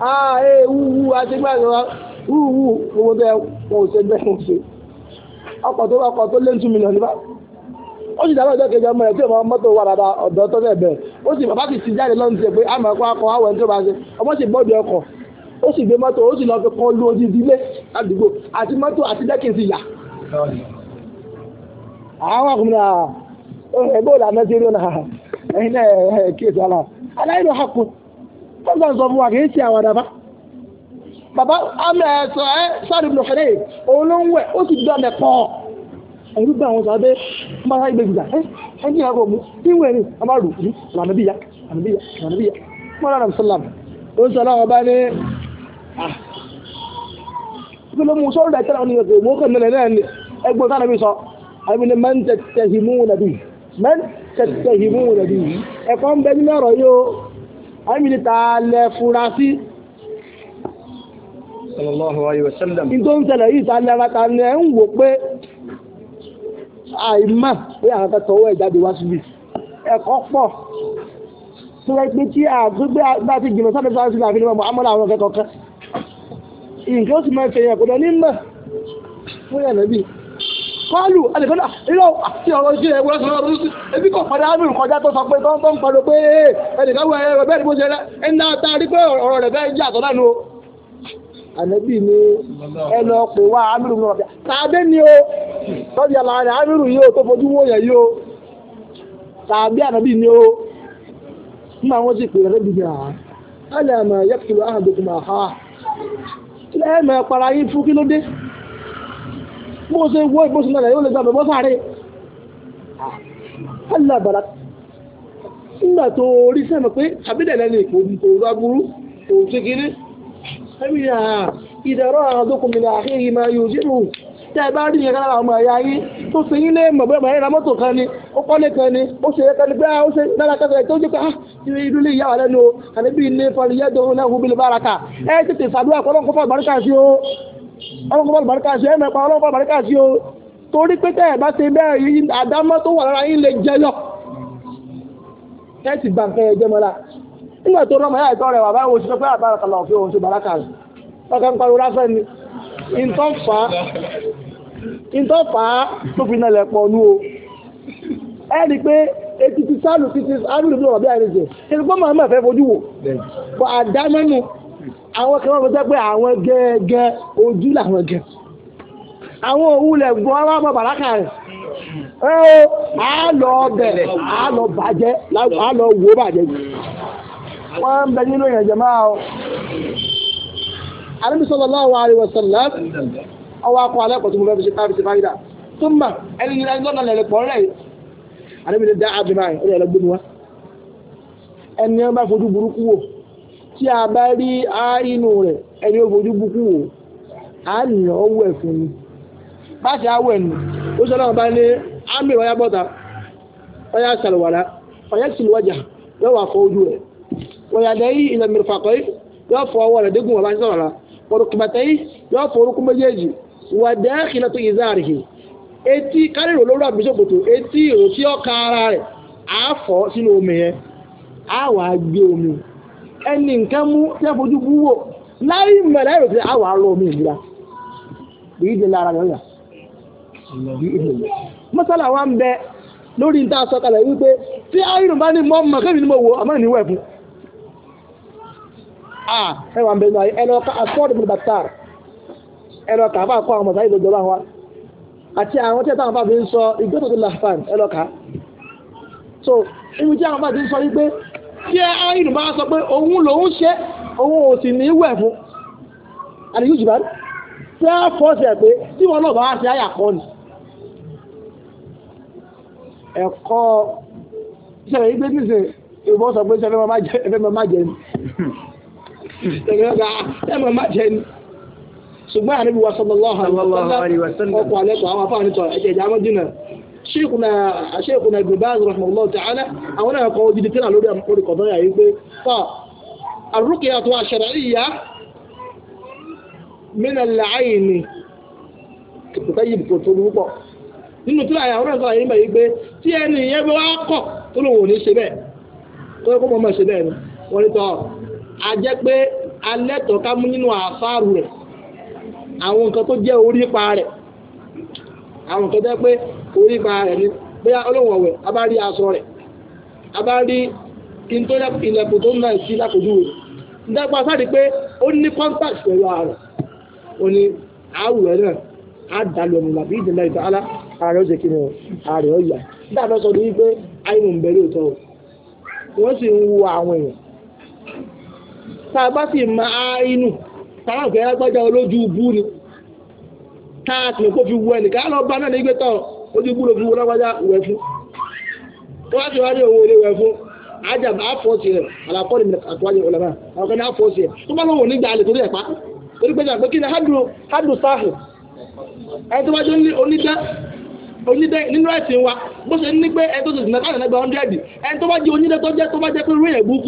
B: ah ee wúwú àtẹgbẹ́ àgbà wúwú gbogbo bẹ́ẹ̀ wọn ò ṣe bẹ́ẹ̀ wọn ò ṣe ọkọ̀ ó sì dáná ọjọ́ kejì ọmọ rẹ̀ tí ọmọ mọ́tò wà dáadáa ọ̀dọ́ tó fẹ́ bẹ̀rẹ̀ ó sì bàbá sì ti jáde lọ́nà tiẹ̀ pé àmọ́ ẹ̀kọ́ akọ àwọ̀ ẹni tó bá ṣe ọmọ sì gbọ́dọ̀ ọkọ̀ ó sì gbé mọ́tò ó sì lọ fi kọ́ lu àdúgbò àti mọ́tò ẹ̀rú bá àwọn sàbẹ́ máa ń gbẹ̀gbẹ̀ ẹ́ ẹ́ ní àgọ́ mu níwọ̀n ẹni a máa rò ní lànàbíyà lànàbíyà lànàbíyà mọ́ra nàm ń sálàm ni ẹgbẹ́ sálàm sọ àbí ni mẹ́ń tẹ̀tẹ̀ hìmú nàbí mẹ́ń tẹ̀tẹ̀ hìmú nàbí ẹ̀kọ́ ń bẹ nínú ọ̀rọ̀ yìí o àmì ni tààlẹ̀ ń wò pé àìmọ̀ pé àwọn akẹ́kọ̀ọ́ owó ẹ̀ jáde wá síbi ẹ̀kọ́ pọ̀ tó wẹ́ pé tí àgbégbé bá ti jìnnà sábẹ́ sábẹ́ sílẹ̀ àfihàn mọ́ àmọ́ àwọn akẹ́kọ̀ọ́ kan nǹkan ó sì máa fẹ̀yìn ẹ̀kọ́ ní mọ̀ fún yàrá bíi kọ́ọ̀lù àdìgbọ́n ilé àti ọ̀rọ̀ ìṣe ẹ̀wọ́ sọ̀rọ̀ ebi kò padà ámì nǹkan jáde tó sọ pé tó ń tó ń pariwo pé ẹnìkan wọ ẹ̀rọ bẹ́ẹ̀ ni mo ṣe rẹ ẹ̀ńdá ta rí pé ọ̀rọ̀ rẹ̀ bẹ́ẹ̀ jẹ́ àtọ̀ lẹ́nu o. ànábì ni ẹ lọ pè wá ámì nǹkan ọ̀bẹ tàbí ni tọ́jú àlàyé amírù yìí ó tó fojú wọ́n yẹn yìí ó tàbí ànábì ni ó nígbà wọn sì pè é bíbí àá ẹlẹ́ ẹ̀mọ̀ yẹ́pùtù àhàndókùn máa ha ilẹ̀ ẹ̀mọ̀ ẹ̀pàrà yín fún kí ló dé bó ṣe wọ́ ìbóṣù náà yóò lè gbàgbé bọ́ sáré ẹlẹ́ àbàlá nígbà tó rí sẹ́mi pé àbídẹ̀lẹ́ ni kò tó ráburú kò ṣe kiri ẹ̀mí ìdàrọ̀ àhàndókùn mi ni àhíyí máa yóò jíròrò tẹ́ ẹ bá rí yẹn lára ọmọ ẹ̀yà yín tó ṣe yín lé mọ̀ bẹ́ẹ̀ mọ̀ ẹ̀rọ mọ́tò kan ni ó kọ́lé kan ni ó ṣe kan ni pé ó ṣe dára kẹsẹ̀ tó ṣe pé ah, inú ilé ìyáwó lẹ́nu o àní bí ilé fọlì yẹ́ dòun náà hùbìlì báraka ẹ tètè fàdúrà kọ́ ọlọ́nkọ́ fàlùbáríkà sí o ọlọ́nkọ́ fàlùbáríkà sí o ẹ mẹ́pa ọlọ́nkọ́ fàlùbáríkà sí o torí pé tẹ́ ẹ bá ṣe bẹ́ẹ̀ yìí àdámọ́ tó wà lára yín lè jẹyọ ìtọ́fà tó fi nalẹ̀ pọ̀ nú o ẹni pé etí ti sálù títí sálù lóbi ọ̀rọ̀ bí àìrèjẹ ètò pọ́ màmá fẹ́ fojú wò kò àdámẹ́nu àwọn kan wọ́n fẹ́ pé àwọn gẹ́gẹ́ ojú làwọn gẹ́ àwọn òwú lẹ̀ gbọ́ wá bọ̀ bàlákà rẹ̀ ẹ o a lọ bẹ̀rẹ̀ a lọ bàjẹ́ a lọ wò bàjẹ́ wọ́n ń bẹ nínú ìrìnàjò máa o. àdébísọ̀lọ́lá wa àríwọ̀sọ̀lá ọwọ́ akọ alẹ́kọ̀ọ́ tí mo fẹ́ fi ṣe tábí ṣe fáyidà tó mà ẹni ní lọ́nà lẹ̀ pọ̀ rẹ̀ àdébí ni dá àbìmá ẹ̀ ọ̀rẹ́ ẹ̀lẹ́gbẹ́ ni wá ẹni ẹ bá fojú burúkú wò tí a bá rí àínú rẹ̀ ẹni ó fojú burúkú wò á nìyàn ọwọ́ ẹ̀ fún mi bá ṣe awọ ẹ̀nu ó sọ náà bá ní ámì ọ̀yá bọ́ta ọ̀yá sàlùwàlá ọ̀yá sìlùwàjà yóò wà fọ ojú rẹ̀ ọ̀yà wàdà àkìlẹ̀tò ìzáàrìhì etí kárìrò lórí àbísọ̀kòtò etí ìrò ọ̀ka ara rẹ̀ àáfọ̀ sínú omi yẹn àwà gbé omi ẹni nǹkan mú tí a fojú bú wò láì tí omi ìlera èyí jẹ́ lára rẹ̀ yà mọ́sálà wa ń bẹ lórí níta sọ́kalẹ̀ wípé tí àìrùn bá ní mọ́ mọ́ kébì ní mo wò àmọ́ ìníwẹ̀ fún. ẹ wà ń bẹ náà ẹ lọ ká ẹlọ kà bá kọ àwọn mọ̀tá ìlú wa àti àwọn tí táwọn bá ń sọ ìgbésò tó làfàn ẹlọ kà so ibi tí àwọn bá ń sọ yí pé tí ẹ ayélu máa sọ pé òun lòun ṣe òun ò sì ní wẹ̀ fún àti yóò jùlọ tí a fọ́ sí ẹ pé tí wọn náà bá wá sí kọ́ ni ẹ̀kọ́ ìṣẹ̀lẹ̀ yìí gbé nísìnyí ìbọn sọ pé ṣẹlẹ̀ máa jẹ ẹ̀fẹ̀ máa jẹ ni
D: ẹ̀fẹ̀
B: máa jẹ ni ṣùgbọ́n àníbi wa sallallahu alaihi wa sallam ọkọ̀ àlẹ́kọ̀ àwọn afáàní tọ̀ ẹ̀jẹ̀ ìjà mọ́dínà ṣéèkùnà gbèbáàzì rahimahullahu ta'ala àwọn náà kọ́ ojúdi tẹ́lá lórí àmúkórí kọ̀dọ́ yà yí pé tọ́ àrùkìyà tó àṣẹrẹ̀ ìyá àwọn nǹkan tó jẹ́ orípa rẹ̀ àwọn nǹkan tó jẹ́ pé orípa rẹ̀ ni bóyá olóhùn ọ̀wẹ̀ a bá rí aṣọ rẹ̀ a bá rí kí n tó ilẹ̀kùn tó ń náà sí lákòójú rẹ̀ ǹdẹ́gbà sáà di pé ó ní contact pẹ̀lú ààrẹ ó ní àwùrẹ́ náà á dàlú ẹ̀mú làbí ìdílé ìta alá ààrẹ ó jẹ́ kí ni o ààrẹ ó yà dáàbà sọ ní wípé àìmọ̀ ń bẹ̀rẹ̀ òótọ́ o wọ́n sì ń wo àwọn èèyàn tá a bá sì máa inú táwọn òkè agbájá olójú bú ni táàtì kó fi wú ẹnì káà lọ náà ní gbé tọ̀ ojú bú ló fi wú wẹ̀ fún wọ́n á ti wá ní owó ilé wẹ̀ fún ajá bá àlàfọ́ ni àtúwájú ọ̀làmà àwọn kan ní àfọ́ọ̀sì rẹ̀ tó bá lọ́wọ́ nígbà àlè torí ẹ̀ pa torí pé kí ni hádùn sáàhù
C: ẹni tó bá jẹ́ onídẹ́
B: onídẹ́ nínú ẹ̀sìn wa bó ṣe ní pé ẹni tó ṣe ìsìnkà ìrìnàgbà hundred ẹni tó bá jẹ́ onídẹ́ tó jẹ́ tó bá jẹ́ pé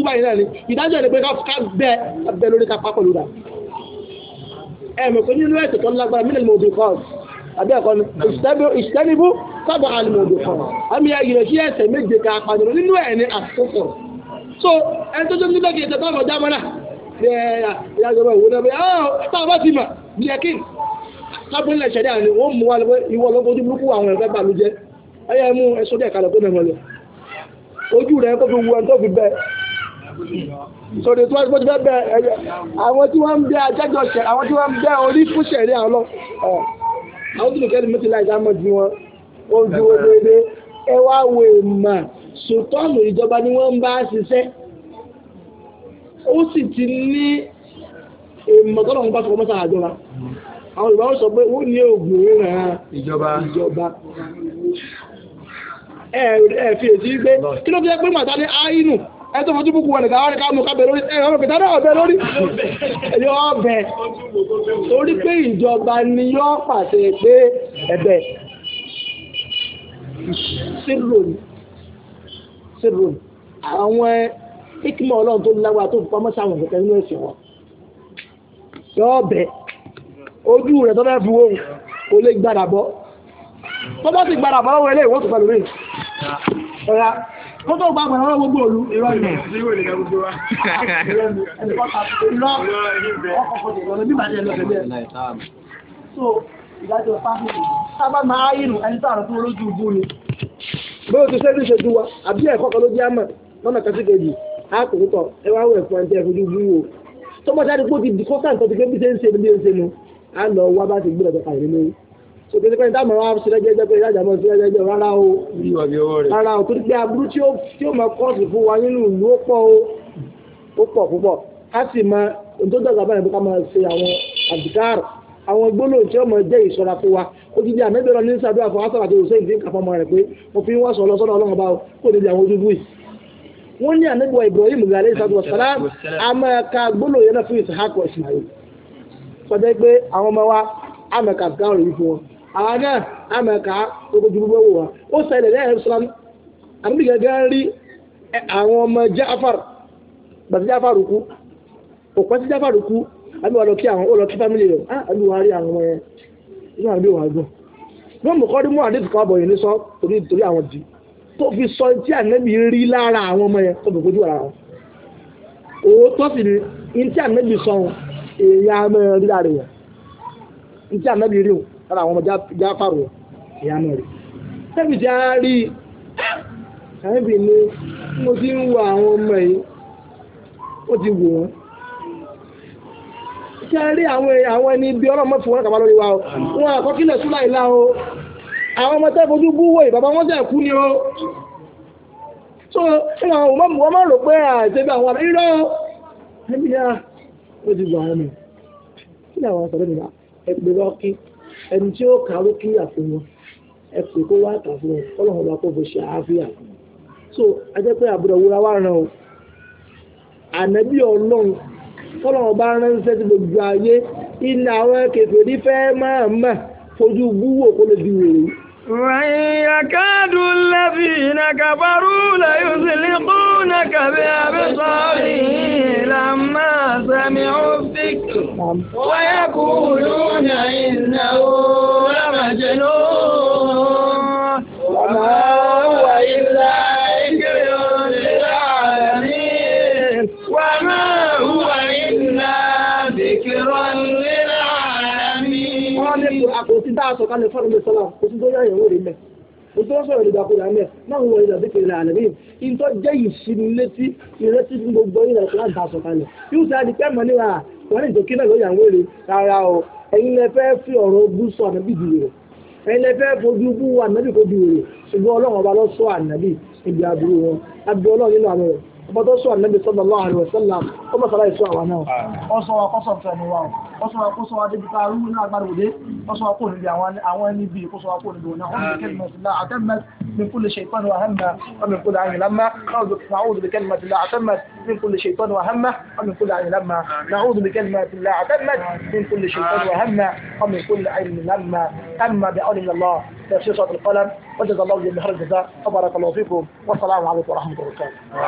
B: báyìí náà ni ìdájọ́ ẹ̀mọ̀ pé nínú ẹ̀tọ́ tó lágbára mílẹ̀ mọ̀bí kan àbí ẹ̀kọ́ ni ìṣẹ́nibú sábà àlùmọ̀bí kan àmì ẹ̀yìnlẹ̀ sí ẹ̀sẹ̀ méje ká apàdánù nínú ẹ̀ ní àkókò so ẹni tó tó ní bẹ́ẹ̀ kì í ṣe tọ́mọ̀ dámọ́nà ìyàgbọ́ ìwé náà bẹ́ẹ̀ ah, táwọn bá ti mà bílẹ̀kìn tábìlì ẹ̀ṣẹ̀dá ni wọ́n mú wa lọ́wọ́ ìwọ lọ́gbọ́n ojú burúkú àwọn ẹ̀fẹ́ bàlújẹ́ ẹ̀yà ẹ̀mú ẹ̀ṣọ́dẹ̀ kalẹ̀ tó nà wọn lọ ojú rẹ̀ kó fi wu ẹni tó fi bẹ́ẹ̀ sọdẹ tí wọn ti fẹ́ bẹ ẹyẹ àwọn tí wọn ń bẹ ajájọ sẹ àwọn tí wọn ń bẹ orí fún sẹrí àwọn lọ ọ àwọn tí nìkẹ́ni mẹ́tì láìsí àmọ́ ju wọn ó ju wọn déédé ẹ wá wo èèmà sùtọ́ọ̀nù ìjọba ni wọ́n ń bá ṣiṣẹ́ ó sì ti ní èèmà tọ́lọ̀ ń bá sọ̀rọ̀ mọ́sàlá àjọba àwọn ìbáwọ̀ sọ pé wọ́n ní oògùn ìrìnà ìjọba ẹ̀ẹ́dẹ̀ẹ́fì èsì gbé kí ló fi jẹ́ pé màtá ní áyínù ẹ tó fojú búkú wọn nìkan wọn nìkan mú ká bẹ lórí ẹ wọn kìtà náà bẹ lórí yóò bẹ torí pé ìjọba ni yóò pàṣẹ pé ẹbẹ sírònì sírònì àwọn ìkìmọ̀ ọlọ́run tó lágbára tó fipá mọ́sá àwọn ìkẹ́kẹ́ nínú ẹ̀sìn wọn yóò bẹ ojú rẹ̀ tó fẹ́ fi wọ́n kò lè gbàdàbọ̀ tó bá ti gbàdàbọ̀ lọ́wọ́ ilé ìwọ́sùn pẹ̀lú mi ọ̀ya kó tó gba àgbàrá gbogbo òlu irọ́ ilẹ̀ ìdájọ́ fáfíìsì sábà máa yìnbó ẹni tó àrùn tó lójú ibú ni. bóyá tó ṣẹ́gun ṣe ju wa àbí ẹ̀kọ́ kan ló jẹ́ àmà lọ́nà kan sí kejì á sòkè pé táwọn wá sí lẹ́jẹ́jẹ́ pé ìyájà mọ̀ sí lẹ́jẹ́jẹ́ rárá o rárá o torí pé aburú tí ó tí ó mọ kọ́ọ̀sì fún wa nínú ìlú ó pọ̀ o ó pọ̀ púpọ̀ ká sì mọ ohun tó dọ̀gba báyìí pé ká máa ṣe àwọn àdìkárò àwọn gbólóhùn tí ó mọ jẹ́ ìṣọ́ra fún wa ó ti di àmẹ́bẹ̀rọ ní sàdúrà fún asàrà àti hussein fi ń kàfọ́ ọmọ rẹ̀ pé mo fi wọ́n sọ lọ sọ́dọ̀ ọlọ́run ọba kó níbi àwọn ojú bùi wọ́n ní ànábìwọ̀ ibrahim gàlẹ́ ìsàdúrà sàlám a gbólóhùn yẹn náà fún ìsàhákọ̀ ìsìnàyè sọdẹ́ pé àwọn ọmọ wa a máa yìí fún wọn àwọn náà àmọ̀ká gbogbo ju gbogbo wò wá ó ṣẹlẹ̀ lẹ́yìn sọ́lámù àbúrò gẹ́gẹ́ rí àwọn ọmọ Jafar gbàtí Jafar kú òpẹ́ tí Jafar kú àbí wà lọ kí àwọn ó lọ kí fámìlì rẹ̀ á àbí wà rí àwọn ọmọ yẹn inú àbí wà dùn wọ́n mú kọ́dí mú àdéhùn kan bọ̀yìn ní sọ torí torí àwọn jì tó fi sọ tí ànábì rí lára àwọn ọmọ yẹn tó fi kojú ara wọn òótọ́ sì ni ní tí sọ lára àwọn ọmọ jáfàrò ìyanu rẹ̀ sẹ́bi ti á rí sàbẹ̀bì ni mo ti ń wo àwọn ọmọ yìí ó ti wò wọ́n ṣe rí àwọn àwọn ẹni bí ọlọ́mọ fún wọn kàbá lórí wa o wọn àkọkílẹ̀ súlá ìlà o àwọn ọmọ tẹ́ fojú bú wòye bàbá wọn tẹ̀ kú ni o so ṣé àwọn ọmọ wọn máa rò pé àìsè bí àwọn àbẹ̀rẹ̀ o ẹbí yá ó ti gbọ́ àwọn ọmọ yìí kí ni àwọn sọ̀rọ̀ nígbà ẹgbẹ́ lọ́kì ẹni tí ó kà kiri fún wọn ẹ pè kó wá kà fún wọn ọlọ́run ọba kó fi ṣe àáfíà so ajẹ́ pé àbúrò wúra wá ràn ọ́ ànábì ọlọ́run tọ́lọ́run bá ránṣẹ́ gbogbo ayé iná àwọn kèfèrí fẹ́ máa mà fojú búwò kó lè fi wèrè. ràn yín akádùn lẹ́bí lẹ́yìn يعجبونك
A: بأبصارهم لما سمعوا
C: الذكر
A: ويقولون إنه لمجنون وما هو إلا ذكر للعالمين
B: وما هو إلا ذكر للعالمين. wọ́n á lè lo òtún wọ́n sọ̀rọ̀ ìdàkúrà mẹ́ náà wọ́n ìdàbí kìrìnà àlẹ́bí ìtọ́ jẹ́ ìṣinilétí ìrètí fún gbogbo ìlà tó láti aṣọ kalẹ̀ yóò ṣe àdìpẹ́ mọ́ níwà wọ́n ní ìjọkí náà lóyà ń wèrè rárá o ẹ̀yin lẹ fẹ́ fi ọ̀rọ̀ bú sọ ànábì di rẹ̀ ẹ̀yin lẹ fẹ́ fojú bú ànábì kó di rẹ̀ ṣùgbọ́n ọlọ́run ọba lọ sọ ànábì ibi àbúrò wọn àbí ọlọ́run nínú àwọn rẹ̀ ọba tó sọ ànábì sallallahu alaihi wasallam ó mọ̀ ìṣọ́ àwa náà. ó sọ wa kọ́sọ̀ fẹ́ ni wa o ó sọ wa kó sọ wa débi ká rúrú náà gbàdúrà òde ó sọ wa kó àwọn ẹni bíi sọ wa náà ó ní kẹ́lìmọ̀tì náà àtẹ́mẹ́t من كل شيطان وهمه ومن كل عين لما نعوذ بكلمة الله عتمت من كل شيطان وهمه ومن كل عين لما نعوذ بكلمة الله عتمت من كل شيطان وهمه ومن كل عين لما أما بأمر الله تفسير صوت القلم وجزا الله جل وعلا الجزاء وبارك الله فيكم والسلام عليكم ورحمة الله وبركاته